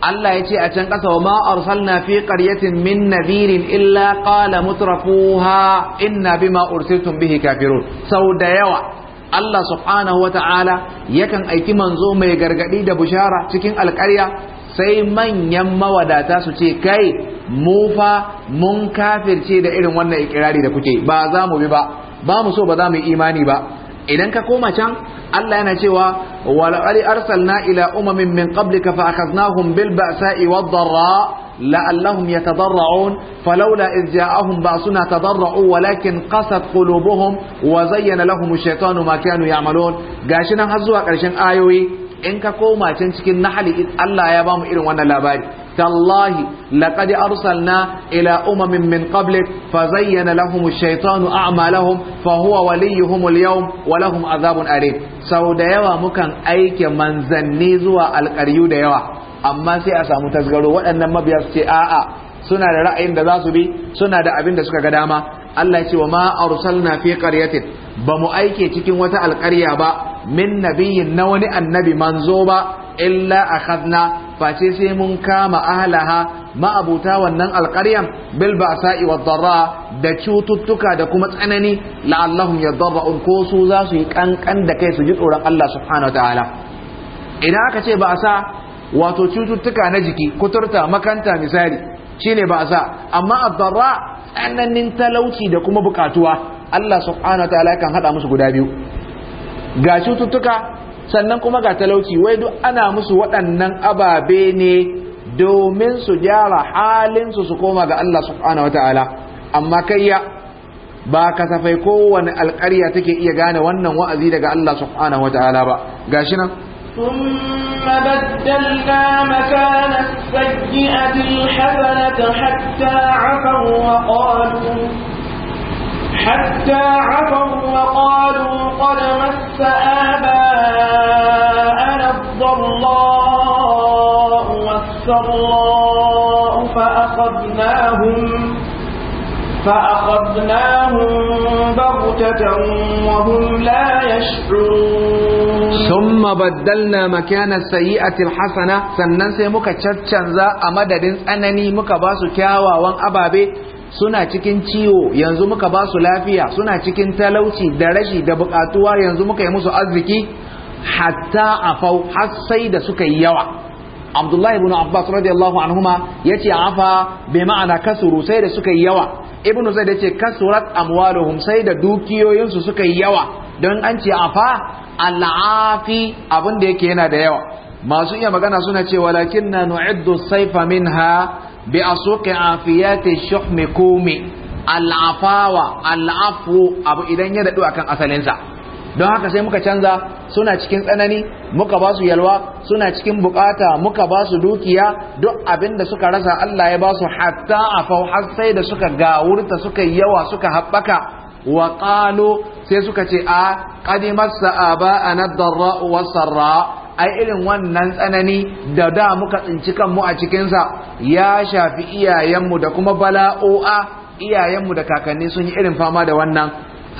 Speaker 1: Allah ya ce a can ƙasa wa ma’ar salna fi ƙaryatin min nazirin illa ƙala mutrafuha inna bi ma’ar bihi kafirun sau da yawa. Allah subhanahu wa ta’ala yakan aiki manzo mai gargaɗi da bushara cikin alƙarya sai manyan mawadata su ce kai mufa mun kafirce da irin wannan ikirari da kuke ba za mu bi ba ba mu so ba za mu yi imani ba idan ka koma can Allah yana cewa walaqad arsalna ila umamin min qablika fa akhadnahum bil ba'sa'i wad dharra لعلهم يتضرعون فلولا إذ جاءهم بأسنا تضرعوا ولكن lahum قلوبهم وزين لهم الشيطان ما كانوا يعملون قاشنا هزوا قرشن آيوي in ka koma can cikin nahali Allah ya bamu irin wannan labari tallahi laqad arsalna ila umamin min qablik fazayyana lahum ash-shaytanu a'malahum fa huwa waliyuhum al-yawm wa lahum adhabun alim sau da yawa mukan aike manzanni zuwa alƙaryu da yawa amma sai a samu tasgaro waɗannan mabiya su ce a'a suna da ra'ayin da za su bi suna da abin da suka ga dama Allah ya ce wa ma arsalna fi qaryatin ba mu aike cikin wata alƙarya ba min nabiyyin na wani annabi manzo ba illa akhadna face sai mun kama ahlaha ma'abuta wannan alƙaryan bil ba'sa'i wad darra da cututtuka da kuma tsanani la'allahum yadarra'un ko su za su yi kankan da kai su ji tsoron Allah subhanahu ta'ala. idan aka ce ba'sa wato cututtuka na jiki kuturta makanta misali shine ba'sa amma ad-darra tsananin talauci da kuma bukatuwa Allah subhanahu ta'ala kan hada musu guda biyu ga cututtuka sannan kuma ga talauci wai duk ana musu waɗannan ababe ne domin su gyara halin su su koma ga Allah subhanahu wata'ala amma kayya ba kasafai kowane alƙarya take iya gane wannan wa'azi daga Allah subhanahu wata'ala ba gashi nan
Speaker 2: ثم بدلنا مكان السيئة الحسنة حتى عفوا وقالوا حتى عفوا وقالوا قد مس آباءنا الضراء والسراء فأخذناهم فأخذناهم بغتة وهم لا يشعرون
Speaker 1: ثم بدلنا مكان السيئة الحسنة سننسي مكا muka caccanza a أنني tsanani muka ba su suna cikin ciwo yanzu muka ba su lafiya suna cikin talauci da rashi da bukatuwa yanzu muka yi musu arziki hatta afau har sai da suka yi yawa abdullahi ibn abbas radiyallahu anhuma yace afa bi ma'ana kasuru sai da suka yi yawa ibn zaid yace kasurat amwaluhum sai da dukiyoyinsu suka yi yawa don an ce afa al'afi abin da yake yana da yawa masu iya magana suna ce walakin na nu'iddu saifa ha. bi asuqi afiyati shuhmi kumi al'afawa al'afu abu idan ya dadu akan asalinsa don haka sai muka canza suna cikin tsanani muka ba su yalwa suna cikin bukata muka ba su dukiya duk abin da suka rasa Allah ya ba su hatta afau har sai da suka gawurta suka yawa suka haɓaka wa sai suka ce a qadimat sa'aba anad darra was sarra ai irin wannan tsanani da da muka tsinci kanmu a cikinsa ya shafi iyayenmu da kuma bala'o'a iyayenmu da kakanni sun yi irin fama da wannan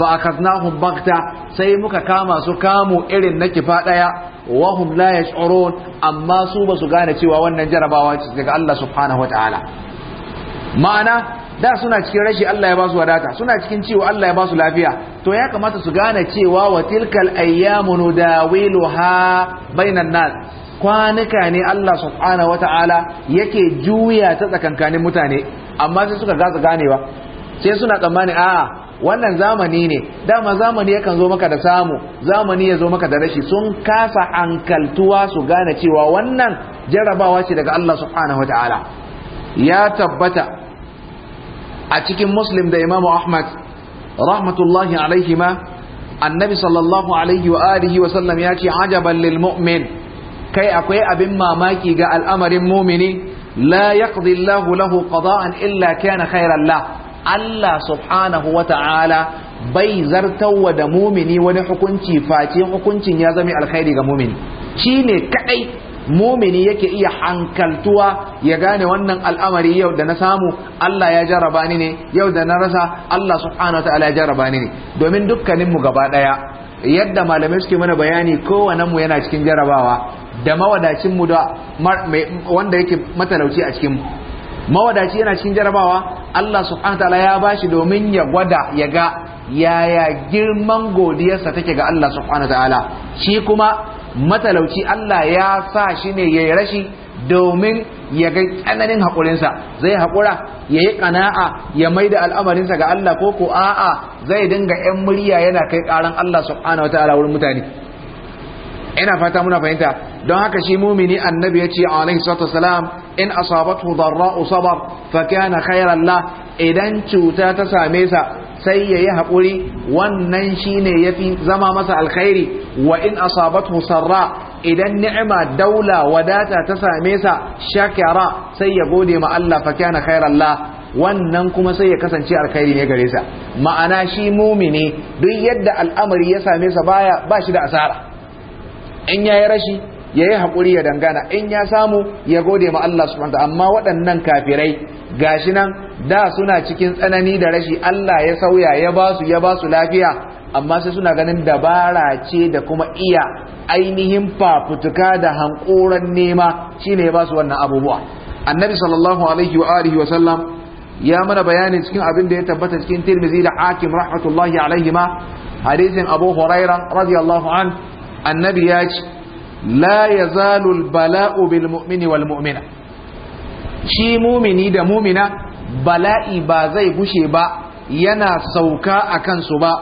Speaker 1: Fa akaznahum bakta sai muka kama su kamo irin na kifa daya hum la yash'urun amma su basu gane cewa wannan jarabawa ce daga Allah subhanahu wataala ma'ana da suna cikin rashi Allah ya ba su wadata suna cikin ciwo Allah ya ba su lafiya to ya kamata su gane cewa wa tilkal ayyamu nudawiluha bainan nas kwanuka ne Allah subhanahu wataala yake juya ta tsakankanin mutane amma sai suka gaza ganewa sai suna tsammani a'a wannan zamani ne dama zamani yakan zo maka da samu zamani ya zo maka da rashi sun kasa ankaltuwa su gane cewa wannan jarabawa ce daga Allah subhanahu wataala ya tabbata a cikin muslim da imamu ahmad rahmatullahi alaihi ma annabi sallallahu alaihi wa alihi wa sallam ya ce ajaban lil mu'min kai akwai abin mamaki ga al'amarin mumini la yaqdi Allah lahu qada'an illa kana khairan la Allah subhanahu wa ta'ala bai zartawa da mumini wani hukunci face hukuncin ya zama alkhairi ga mumini shine kadai mumini yake iya hankaltuwa ya gane wannan al'amari yau da na samu Allah ya jaraba ni ne yau da na rasa Allah subhanahu wataala ya jaraba ni ne domin dukkanin mu gaba daya yadda malamai suke mana bayani kowanne mu yana cikin jarabawa da mawadacin mu da wanda yake matalauci a cikin mawadaci yana cikin jarabawa Allah subhanahu wataala ya bashi domin ya gwada ya ga yaya girman godiyarsa take ga Allah subhanahu wataala shi kuma matalauci Allah ya sa shi ne ya yi rashi domin ya ga tsananin haƙurinsa zai haƙura ya yi ƙana'a ya mai da al'amarinsa ga Allah ko ko a'a zai dinga 'yan murya yana kai ƙaran Allah subhanahu wa ta'ala wurin mutane ina fata muna fahimta don haka shi mumini annabi ya ce a alaihi salatu wasalam in asabatu darra'u sabar fa kana khairan la idan cuta ta same sa sai ya yi haƙuri wannan shine yafi zama masa alkhairi wa in asabathu sarra idan ni'ima daula wadata ta same sa shakara sai ya gode ma Allah fa kana khairan la wannan kuma sai ya kasance alkhairi ne gare sa ma'ana shi mumini duk yadda al'amari ya same sa baya ba shi da asara in yayi rashi yayi hakuri ya dangana in ya samu ya gode ma Allah subhanahu amma waɗannan kafirai gashi nan da suna cikin tsanani da rashi Allah ya sauya ya ba su ya ba su lafiya amma sai suna ganin dabara ce da kuma iya ainihin fafutuka da hankoran nema shine ya ba su wannan abubuwa annabi sallallahu alaihi wa alihi wa sallam ya mana bayanin cikin abin da ya tabbata cikin tirmizi da hakim rahmatullahi alaihi ma hadisin abu huraira radiyallahu an annabi ya ce la yazalu al-bala'u bil mu'mini wal mu'mina shi mumini da mumina bala'i ba zai gushe ba yana sauka a kansu ba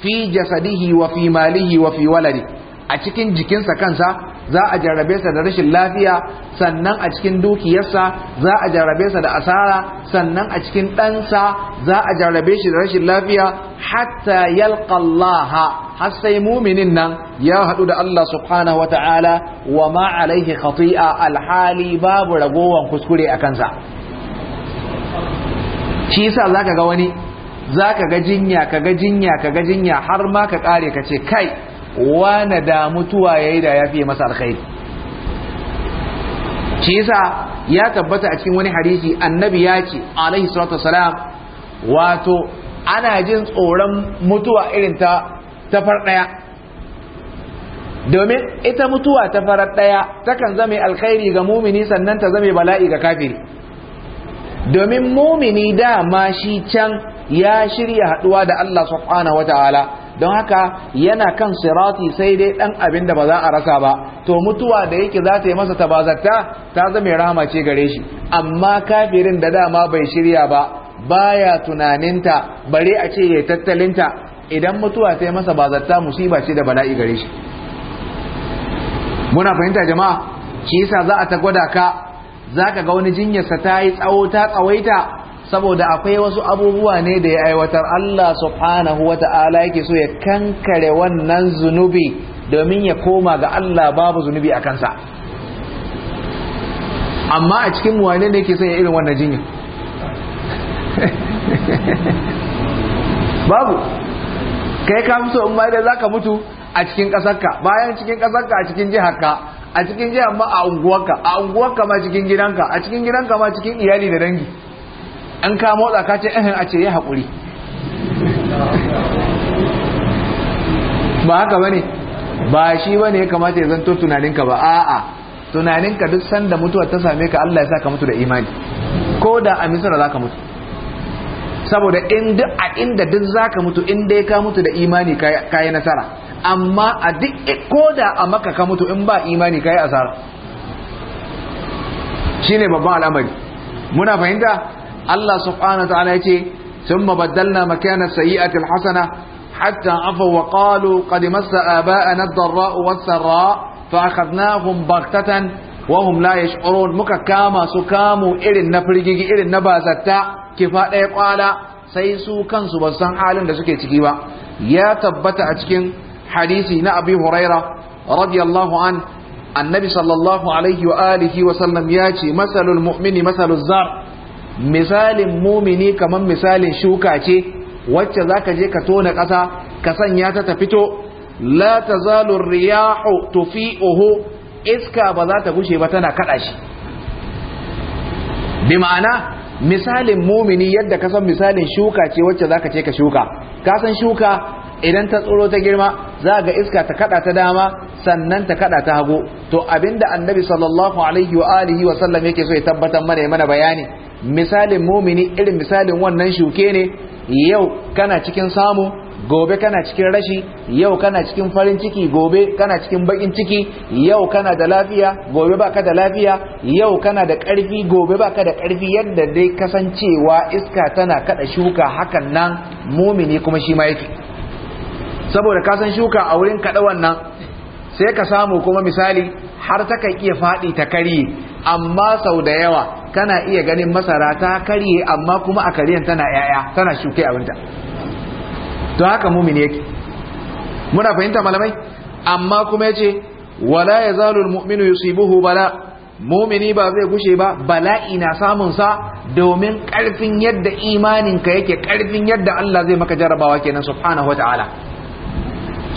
Speaker 1: fi jasadihi wa fi malihi wa fi waladi a cikin jikinsa kansa za a jarrabe sa da rashin lafiya sannan a cikin dukiyarsa za a jarrabe sa da asara sannan a cikin ɗansa za a jarrabe shi da rashin lafiya hatta Allah har sai muminin nan ya haɗu da Allah subhanahu wata'ala wa ma alaihi khati'a alhali babu ragowan kuskure a kansa shi yasa zaka ga wani zaka ga jinya kaga jinya kaga jinya har ma ka kare ka ce kai wane da mutuwa ya yi da ya fiye masa alkhairi shi yasa ya tabbata a cikin wani hadisi annabi ya ce alaihi salatu salam. wato ana jin tsoron mutuwa irin ta tafar daya domin ita mutuwa ta farar daya takan zame alkhairi ga mumini sannan ta zame bala'i ga kafiri domin mumini dama shi can ya shirya haduwa da Allah subhanahu ta'ala don haka yana kan sirati sai dai dan abin da ba za a rasa ba to mutuwa da yake za ta yi masa tabazatta ta zama rahama ce gare shi amma kafirin da dama bai shirya ba baya tunaninta bare a ce ya tattalinta idan mutuwa ta yi masa bazatta musiba ce da bala'i gare shi muna fahimta jama'a shi yasa za a ta gwada ka zaka ga wani jinyarsa ta yi tsawo ta tsawaita saboda akwai wasu abubuwa ne da ya aiwatar Allah subhanahu wa ta'ala yake so ya kankare wannan zunubi domin ya koma ga Allah babu zunubi a kansa amma a cikin wane ne yake son ya irin wannan jinya
Speaker 2: <laughs>
Speaker 1: babu kai ka fi so in ma dai zaka mutu a cikin kasarka bayan cikin kasarka a cikin jiharka a cikin jihar ma a unguwarka a unguwarka ma cikin gidanka a cikin gidanka ma cikin iyali da dangi an ka motsa ka ce ehin a ce ya haƙuri ba haka bane ba shi bane ya kamata ya zanto tunaninka ba a'a tunaninka duk sanda mutuwa ta same ka Allah ya sa ka mutu da imani ko da a misira za ka mutu saboda a inda duk za ka mutu in dai ka mutu da imani ka yi nasara amma a duk ko da a maka ka mutu in ba imani ka yi asara shi babban al'amari muna fahimta Allah subhanahu wa ta'ala yace thumma baddalna makana sayyi'ati alhasana hatta afaw wa qalu qad massa aba'ana ad-dharra'u was-sarra'u fa akhadnahum baghtatan wa hum la yash'urun muka kama su kamu irin na firgigi irin na bazatta kifa ɗaya kwala sai su kansu ba san halin da suke ciki ba ya tabbata a cikin hadisi na abi huraira radiyallahu an annabi sallallahu alaihi wa alihi wa sallam ya ce masalul mu'mini masalul zar misalin mumini kamar misalin shuka ce wacce za ka je ka tona ƙasa ka sanya ta ta fito la tazalu riyahu oho. iska ba za ta gushe ba tana kaɗa shi bi ma'ana misalin mumini yadda ka san misalin shuka ce wacce za ka ce ka shuka ka san shuka idan ta tsoro ta girma za ga iska ta kada ta dama sannan ta kada ta hagu to abinda annabi sallallahu alaihi wa alihi wa sallam yake so ya tabbatar mana ya mana bayani misalin mumini irin misalin wannan shuke ne yau kana cikin samu gobe kana cikin rashi yau kana cikin farin ciki gobe kana cikin bakin ciki yau kana da lafiya gobe baka da lafiya yau kana da ƙarfi gobe baka da ƙarfi yadda dai kasancewa iska tana kada shuka hakan nan mumini kuma shi ma yake saboda ka san shuka a wurin kada wannan sai ka samu kuma misali har ta kai iya faɗi ta karye amma sau da yawa kana iya ganin masara ta karye amma kuma a kariyan tana yaya tana shuke abinta to haka mumin yake muna fahimta malamai amma kuma yace wala yazalu mu'minu yusibuhu bala mumini ba zai gushe ba bala'i na samun sa domin karfin yadda imaninka yake karfin yadda Allah zai maka jarabawa kenan subhanahu wataala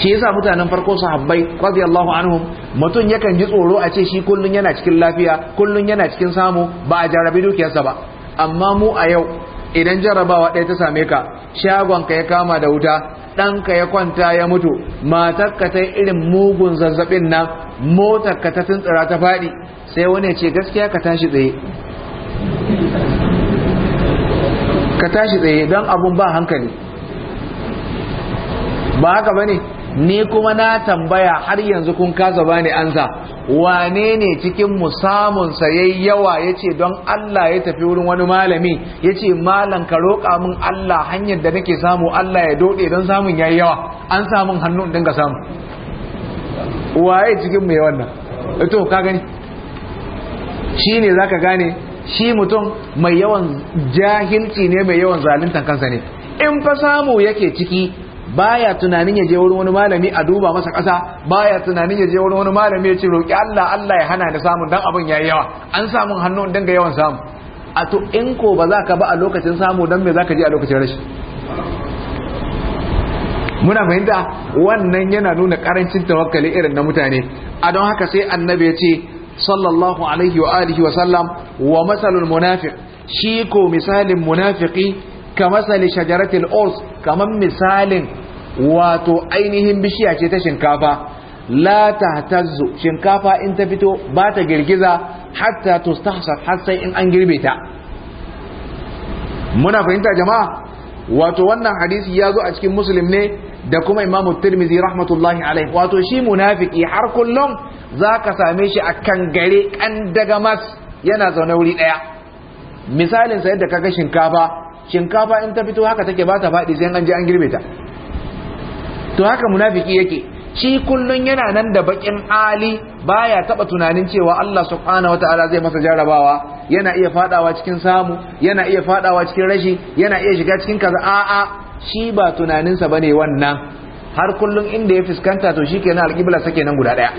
Speaker 1: shi yasa mutanen farko sahabbai radiyallahu anhum mutum yakan ji tsoro a ce shi kullun yana cikin lafiya kullun yana cikin samu ba a jarabi dukiyarsa ba amma mu a yau idan jarabawa ɗaya ta same ka shagon ka ya kama da wuta ka ya kwanta ya mutu ka ta irin mugun zazzabin nan motar ka ta tuntsira ta faɗi sai wani ya ce gaskiya ka tashi tsaye ka tashi tsaye don abun ba hankali ba haka ba ne ni kuma na tambaya har yanzu kun kasa bani ansa wane ne cikin musamun sayayyawa yawa yace don Allah ya tafi wurin wani malami yace malam ka roƙa min Allah hanyar da nake samu Allah ya dode don samun yayi yawa an samun hannu din dinga samu waye cikin mu wannan eh, to ka gani shine zaka gane shi mutum mai yawan jahilci ne mai yawan zalunta kansa ne in fa samu yake ciki baya tunanin ya je wurin wani malami a duba masa ƙasa baya tunanin ya je wurin wani malami ya ce roƙi Allah Allah ya hana ni samun dan abin yayi yawa an samu hannu dan ga yawan samu a to in ko ba za ka ba a lokacin samu dan me za ka je a lokacin rashi muna fahimta wannan yana nuna karancin tawakkali irin na mutane a don haka sai annabi ya ce sallallahu alaihi wa alihi wa sallam wa masalul munafiq shi ko misalin munafiki ka masali shajaratil urs kamar misalin wato ainihin bishiya ce ta shinkafa la tahtazzu shinkafa in ta fito ba ta girgiza hatta tustahsab har sai in an girbe ta muna fahimta jama'a wato wannan hadisi ya zo a cikin muslim ne da kuma imamu tirmizi rahmatullahi alaihi wato shi munafiki har kullum za ka same shi a kan gare kan daga mas yana zaune wuri ɗaya misalin sa yadda ga shinkafa shinkafa in ta fito haka take ba ta faɗi sai an je an girbe ta to haka munafiki yake shi kullun yana nan da bakin ali baya taba tunanin cewa Allah subhanahu wataala zai masa jarrabawa yana iya fadawa cikin samu yana iya fadawa cikin rashi yana iya shiga cikin kaza a'a shi ba tunaninsa bane wannan har kullun inda ya fuskanta to shikenan alqibla sake nan guda daya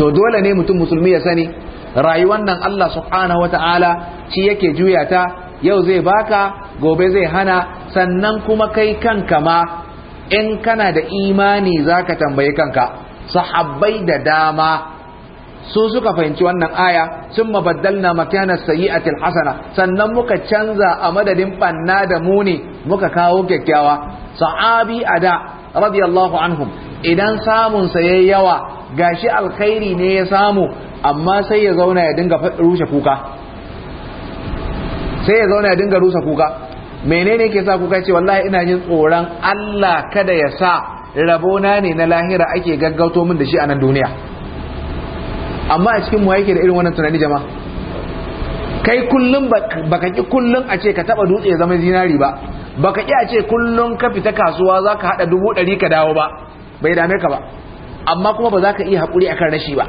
Speaker 1: to dole ne mutum musulmi ya sani rayuwar nan Allah subhanahu wataala shi yake juya ta yau zai baka gobe zai hana sannan kuma kai kanka ma in kana da imani zaka tambayi kanka sahabbai da dama su suka fahimci wannan aya sun mabaddalna makana sayyi'atil hasana sannan muka canza a madadin banna da muni muka kawo kyakkyawa sahabi da radiyallahu anhum idan samun sa yayi yawa gashi alkhairi ne ya samu amma sai ya zauna ya dinga rushe kuka sai ya zauna ya dinga rusa kuka menene ke sa kuka ce wallahi ina jin tsoron Allah kada ya sa rabona ne na lahira ake gaggauto min da shi a nan duniya amma a cikin mu yake da irin wannan tunani jama'a kai kullum baka ki kullum a ce ka taba dutse zama zinari ba baka ki a ce kullum ka fita kasuwa zaka hada dubu ɗari ka dawo ba bai dame ka ba amma kuma ba za ka iya hakuri akan rashi ba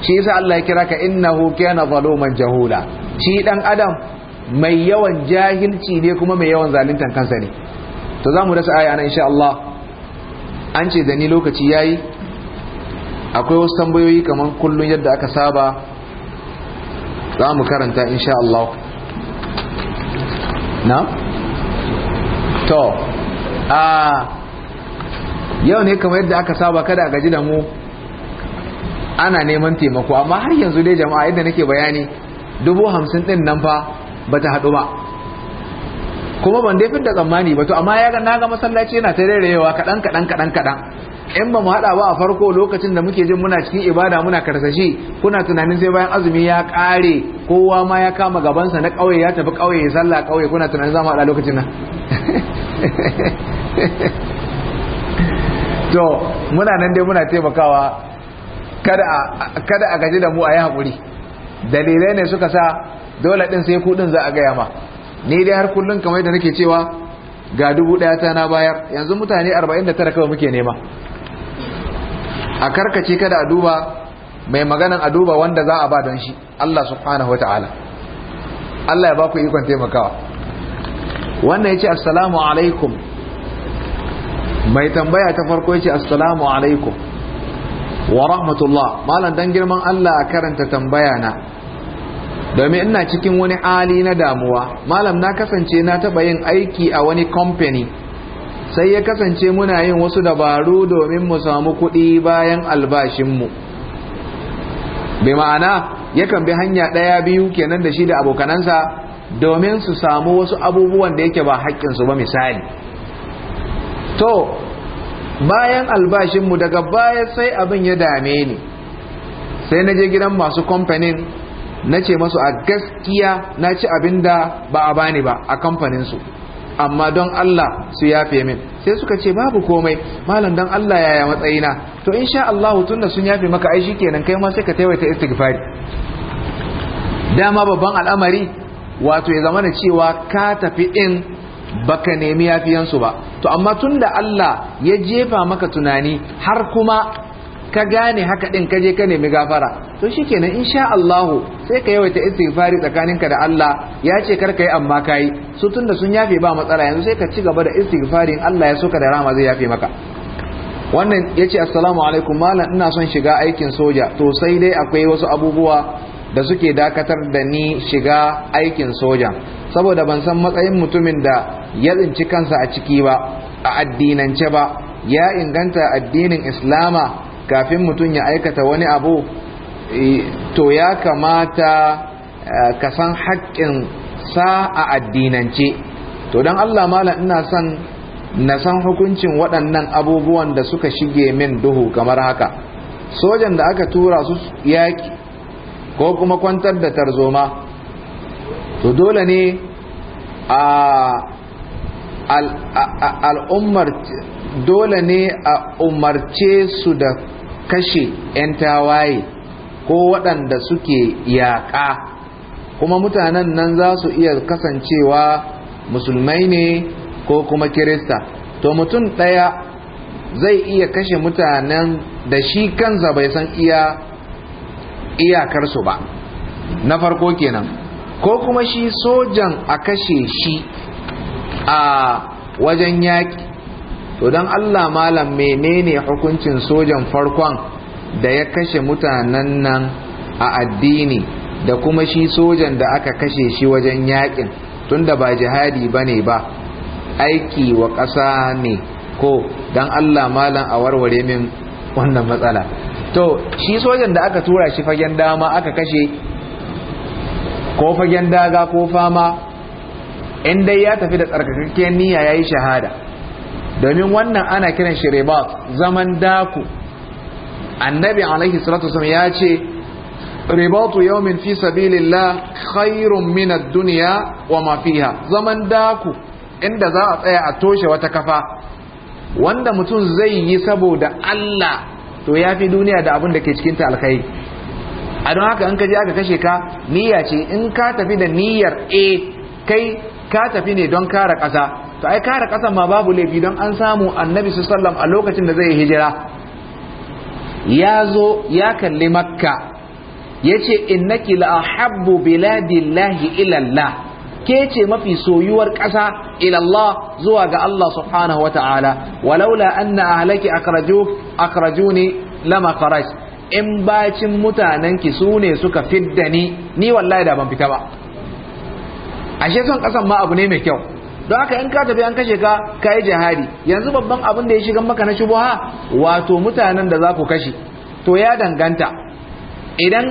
Speaker 1: shi yasa Allah ya kira ka innahu kana zaluman jahula shi dan adam mai yawan jahilci ne kuma mai yawan zalintan kansa ne to za mu rasa aya na insha Allah an ce da ni lokaci yayi akwai wasu tambayoyi kamar kullum yadda aka saba za mu karanta insha Allah na? to a yau ne kamar yadda aka saba kada a gaji da mu ana neman taimako amma har yanzu dai jama'a yadda nake bayani dubu hamsin din nan fa ba ta haɗu ba kuma ban dai fidda tsammani ba to amma ya ga naga masallaci yana ta rairayewa kaɗan kaɗan kaɗan kaɗan in ba mu haɗa ba a farko lokacin da muke jin muna cikin ibada muna karsashi kuna tunanin sai bayan azumi ya ƙare kowa ma ya kama gabansa na ƙauye ya tafi ƙauye ya sallah ƙauye kuna tunanin za mu haɗa lokacin nan <laughs> to muna nan dai muna taimakawa kada a gaji da mu a yi haƙuri dalilai ne suka sa dole din sai ku za a gaya ma ni dai har kullun kamar da nake cewa ga dubu daya ta na bayar yanzu mutane 49 kawai muke nema a karkace kada a duba mai maganan a duba wanda za a ba don shi Allah subhanahu wataala Allah ya ba ku ikon taimakawa wannan yace assalamu alaikum mai tambaya ta farko yace assalamu alaikum wa rahmatullah malam dan girman Allah a karanta tambaya na domin ina cikin wani hali na damuwa malam na kasance na taba yin aiki a wani kamfani sai ya kasance muna yin wasu dabaru domin mu samu kuɗi bayan albashinmu bi ma'ana yakan bi hanya ɗaya biyu kenan da shi da abokanansa domin su samu wasu abubuwan da yake ba haƙƙinsu ba misali to bayan albashinmu daga baya sai abin ya dame ni sai na je gidan masu kamfanin na ce masu a gaskiya na ci abin da ba a bani ba a kamfaninsu amma don Allah su yafe min sai suka ce babu komai malam don Allah yaya matsayina to in sha Allah da sun yafe maka aishi kenan kai ma sai ka taiwaita istighfari dama babban al'amari wato ya zama cewa ka tafi in baka nemi yafiyansu ba to amma tun da Allah ya jefa maka tunani har kuma ka gane haka din ka je ka nemi gafara to shikenan insha Allah sai ka yawaita istighfari tsakaninka da Allah ya ce kar ka yi amma kai su tunda sun yafe ba matsala yanzu sai ka ci gaba da istighfarin Allah ya so ka da rama zai yafe maka wannan ya ce assalamu alaikum malam ina son shiga aikin soja to sai dai akwai wasu abubuwa da suke dakatar da ni shiga aikin soja saboda ban san matsayin mutumin da ya tsinci kansa a ciki ba a addinance ba ya inganta addinin islama kafin mutum ya aikata wani abu e, to ya kamata e, ka san haƙƙin sa a addinance to don Allah mala ina son na san hukuncin waɗannan abubuwan da suka shige min duhu kamar haka sojan da aka tura su yaƙi ko kuma kwantar da tarzoma to dole ne a al'ummar dole ne a umarce su da kashe 'yan tawaye ko waɗanda suke yaƙa kuma mutanen nan za su iya kasancewa musulmai ne ko kuma kirista to mutum ɗaya zai iya kashe mutanen da shi kansa bai san iya iyakarsu ba na farko kenan ko kuma shi sojan a kashe shi a wajen yaƙi to don allah malam menene hukuncin sojan farkon da ya kashe mutanen nan a addini da kuma shi sojan da aka kashe shi wajen yakin tunda ba jihadi ba ne ba aiki wa ƙasa ne ko don allah malam a warware min wannan matsala to shi sojan da aka tura shi fagen dama aka kashe ko fagen daga ko fama in dai ya tafi da tsarkakakken niyya ya yi shahada domin wannan ana kiran shi ribat zaman daku annabi alaihi salatu wasallam ya ce ribatu yawmin fi sabilillah khairun min ad-dunya wa ma fiha zaman daku inda za a tsaya a toshe wata kafa wanda mutum zai yi saboda Allah to ya fi duniya da abin da ke cikin ta alkhairi a don haka in ka je aka kashe ka niyya ce in ka tafi da niyyar a kai ka tafi ne don kare ƙasa to ai kare kasan ma babu laifi don an samu annabi su sallam a lokacin da zai hijira ya zo ya kalli makka ya ce innaki la'ahabbu biladillahi ilallah ke ce mafi soyuwar ƙasa ilallah zuwa ga Allah subhanahu wa ta'ala walaula anna ahlaki akraju akrajuni lama kharaj in bacin mutanenki su ne suka fidda ni ni wallahi da ban fita ba ashe son ƙasan ma abu ne mai kyau don haka in ka tafi an kashe ka ka yi jihadi yanzu babban abin da ya shiga maka na shubuha wato mutanen da za ku kashe to ya danganta idan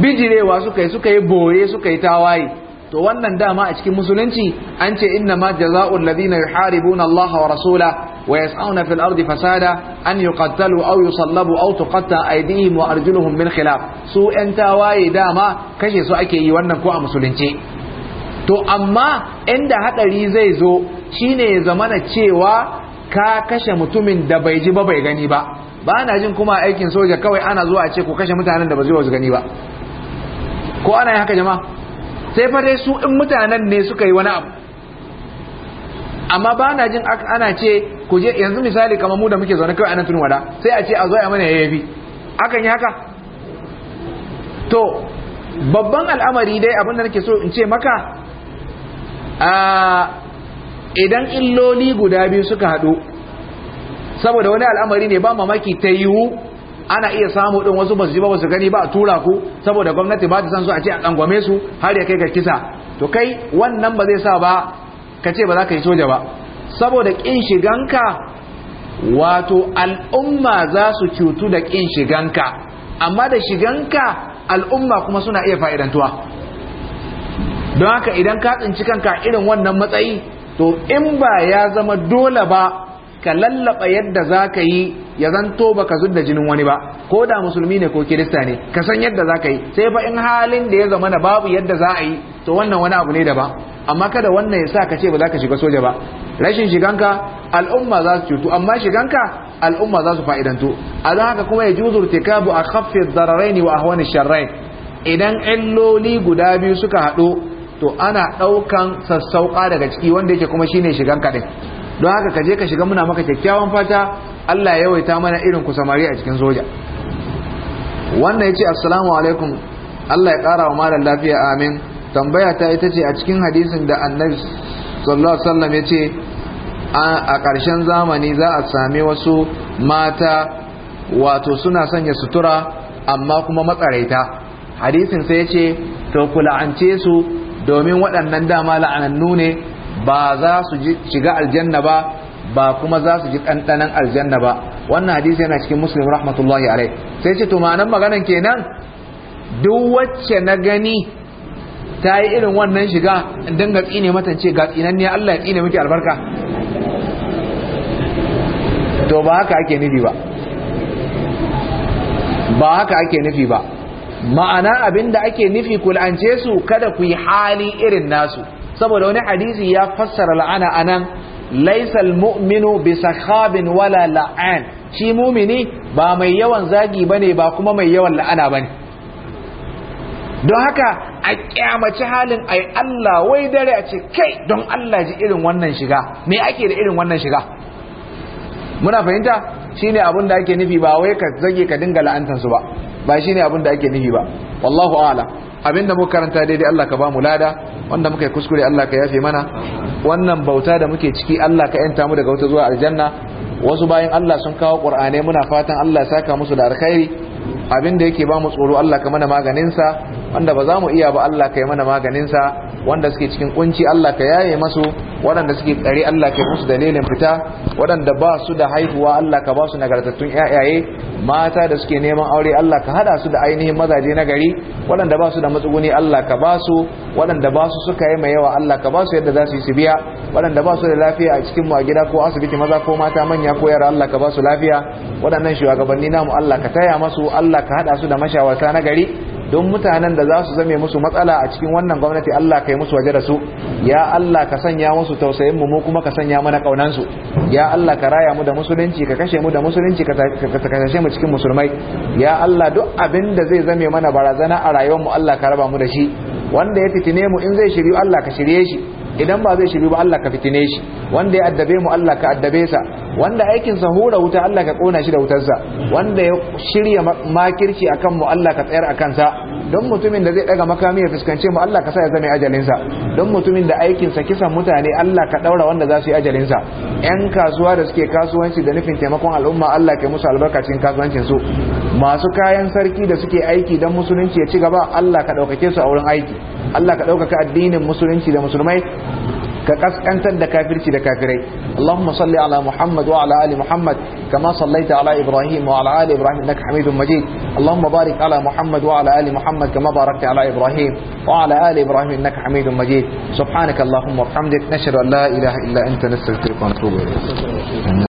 Speaker 1: bijirewa suka yi suka yi bore suka yi tawaye to wannan dama a cikin musulunci an ce inna ma jaza'ul ladina yuharibuna Allah wa rasula wa yas'una fil ardi fasada an yuqattalu aw yusallabu aw tuqatta aydihim wa arjuluhum min khilaf su yan tawaye dama kashe su ake yi wannan ko a musulunci to amma inda hadari zai zo shine ya zamana cewa ka kashe mutumin da bai ji ba bai gani ba ba na jin kuma aikin soja kawai ana zuwa ce ku kashe mutanen da ba zuwa su gani ba ko ana yi haka jama'a sai fa su in mutanen ne suka yi wani abu amma ba na jin ana ce ku je yanzu misali kamar mu da muke zaune kawai anan tunwada wada sai a ce a zo a mana yayafi akan yi haka to babban al'amari dai abin da nake so in ce maka idan illoli guda biyu suka haɗu saboda wani al'amari ne ba mamaki ta yiwu ana iya samu ɗin wasu ba su ji ba ba su gani ba a tura ku saboda gwamnati ba ta san su a ce a ɗangwame su har ya kai ga kisa to kai wannan ba zai sa ba ka ce ba za ka yi soja ba saboda ƙin shiganka wato al'umma za su cutu da ƙin shiganka amma da shiganka al'umma kuma suna iya fa'idantuwa don haka idan ka tsinci kanka irin wannan matsayi to in ba ya zama dole ba ka lallaba yadda za ka yi ya zanto ba ka zudda jinin wani ba ko da musulmi ne ko kirista ne ka san yadda za ka yi sai fa in halin da ya zama na babu yadda za a yi to wannan wani abu ne daban amma kada wannan ya sa ka ce ba za ka shiga soja ba rashin shiganka al'umma za su cutu amma shiganka al'umma za su fa'idantu a don haka kuma ya juzur tikabu a zararai ne wa ahwani sharrai idan illoli guda biyu suka haɗu to ana ɗaukan sassauƙa daga ciki wanda yake kuma shine shigan kaɗai don haka ka je ka shiga muna maka kyakkyawan fata Allah ya yawaita mana irin ku samari a cikin soja wannan yace ce assalamu alaikum Allah ya kara wa malam lafiya amin tambaya ta ita ce a cikin hadisin da annabi sallallahu alaihi wasallam ya a ƙarshen zamani za a sami wasu mata wato suna sanya sutura amma kuma matsaraita hadisin sai ya ce to kula'ance su domin waɗannan dama la'anannu ne ba za su shiga aljanna ba ba kuma za su ji ɗanɗanan aljanna ba wannan hadisi yana cikin muslim rahmatullahi alai sai ce tumanin maganan kenan duk wacce na gani ta yi irin wannan shiga dinga tsine matan ce ga ne? Allah ya tsine miki albarka to ba haka ake nufi ba ba haka ake nufi ba ma'ana abinda ake nufi kul'ance su kada ku yi hali irin nasu saboda wani hadisi ya fassara la'ana anan laisal mu'minu bi sakhabin wala la'an shi mumini ba mai yawan zagi bane ba kuma mai yawan la'ana bane don haka a kyamaci halin ai Allah wai dare a ce kai don Allah ji irin wannan shiga me ake da irin wannan shiga muna fahimta shine abin da ake nufi ba wai ka zage ka dinga la'antansu ba ba shi ne abin da ake nihi ba wallahu ala. abinda muka karanta daidai Allah ka ba mu lada wanda muka yi kuskure Allah ka yafe mana wannan bauta da muke ciki Allah ka yanta mu daga wata zuwa aljanna wasu bayan Allah sun kawo qur'ane muna fatan Allah ya saka musu da alkhairi abinda yake mu tsoro Allah ka mana maganin sa wanda ba za mu iya ba Allah ka yi mana maganinsa wanda suke cikin kunci Allah ka yaye masu waɗanda suke tsare Allah ka musu dalilin fita waɗanda ba su da haihuwa Allah ka ba su nagartattun yayaye mata da suke neman aure Allah ka hada su da ainihin mazaje na gari waɗanda ba su da matsuguni Allah ka ba su waɗanda ba su suka yi mai yawa Allah ka ba su yadda za su yi su biya waɗanda ba su da lafiya a cikin mu a gida ko asibiti maza ko mata manya ko yara Allah ka ba su lafiya waɗannan shugabanni namu Allah ka taya masu Allah ka hada su da mashawarta na gari don mutanen da za su zame musu matsala a cikin wannan gwamnati Allah ka yi musu waje da su ya Allah ka sanya musu tausayin mu kuma ka sanya mana kaunan su ya Allah ka raya mu da musulunci ka kashe mu da musulunci ka kashe mu cikin musulmai ya Allah duk abin da zai zame mana barazana a rayuwar mu Allah ka raba mu da shi wanda ya fitine mu in zai shiryu Allah ka shirye shi idan ba zai shiryu ba Allah ka fitine shi wanda ya addabe mu Allah ka addabe sa wanda aikinsa hura wuta Allah ka kona shi da wutarsa wanda ya shirya makirci akan mu Allah ka tsayar akan sa don mutumin da zai daga makami ya fuskance mu Allah ka sa ya zame ajalin sa don mutumin da aikinsa kisan mutane Allah ka daura wanda za su yi ajalin sa yan kasuwa da suke kasuwanci da nufin taimakon al'umma Allah ke musu albarkacin kasuwancin su masu kayan sarki da suke aiki don musulunci ya ci gaba Allah ka daukake su a wurin aiki Allah ka daukaka addinin musulunci da musulmai ka kaskantar da kafirci da kafirai Allahumma salli ala Muhammad wa ala ali Muhammad kama sallaita ala Ibrahim wa ala ali Ibrahim innaka Hamidum Majid Allahumma barik ala Muhammad wa ala ali Muhammad kama barakta ala Ibrahim wa ala ali Ibrahim innaka Hamidum Majid subhanaka Allahumma wa bihamdik nashhadu an la ilaha illa anta nastaghfiruka wa
Speaker 2: natubu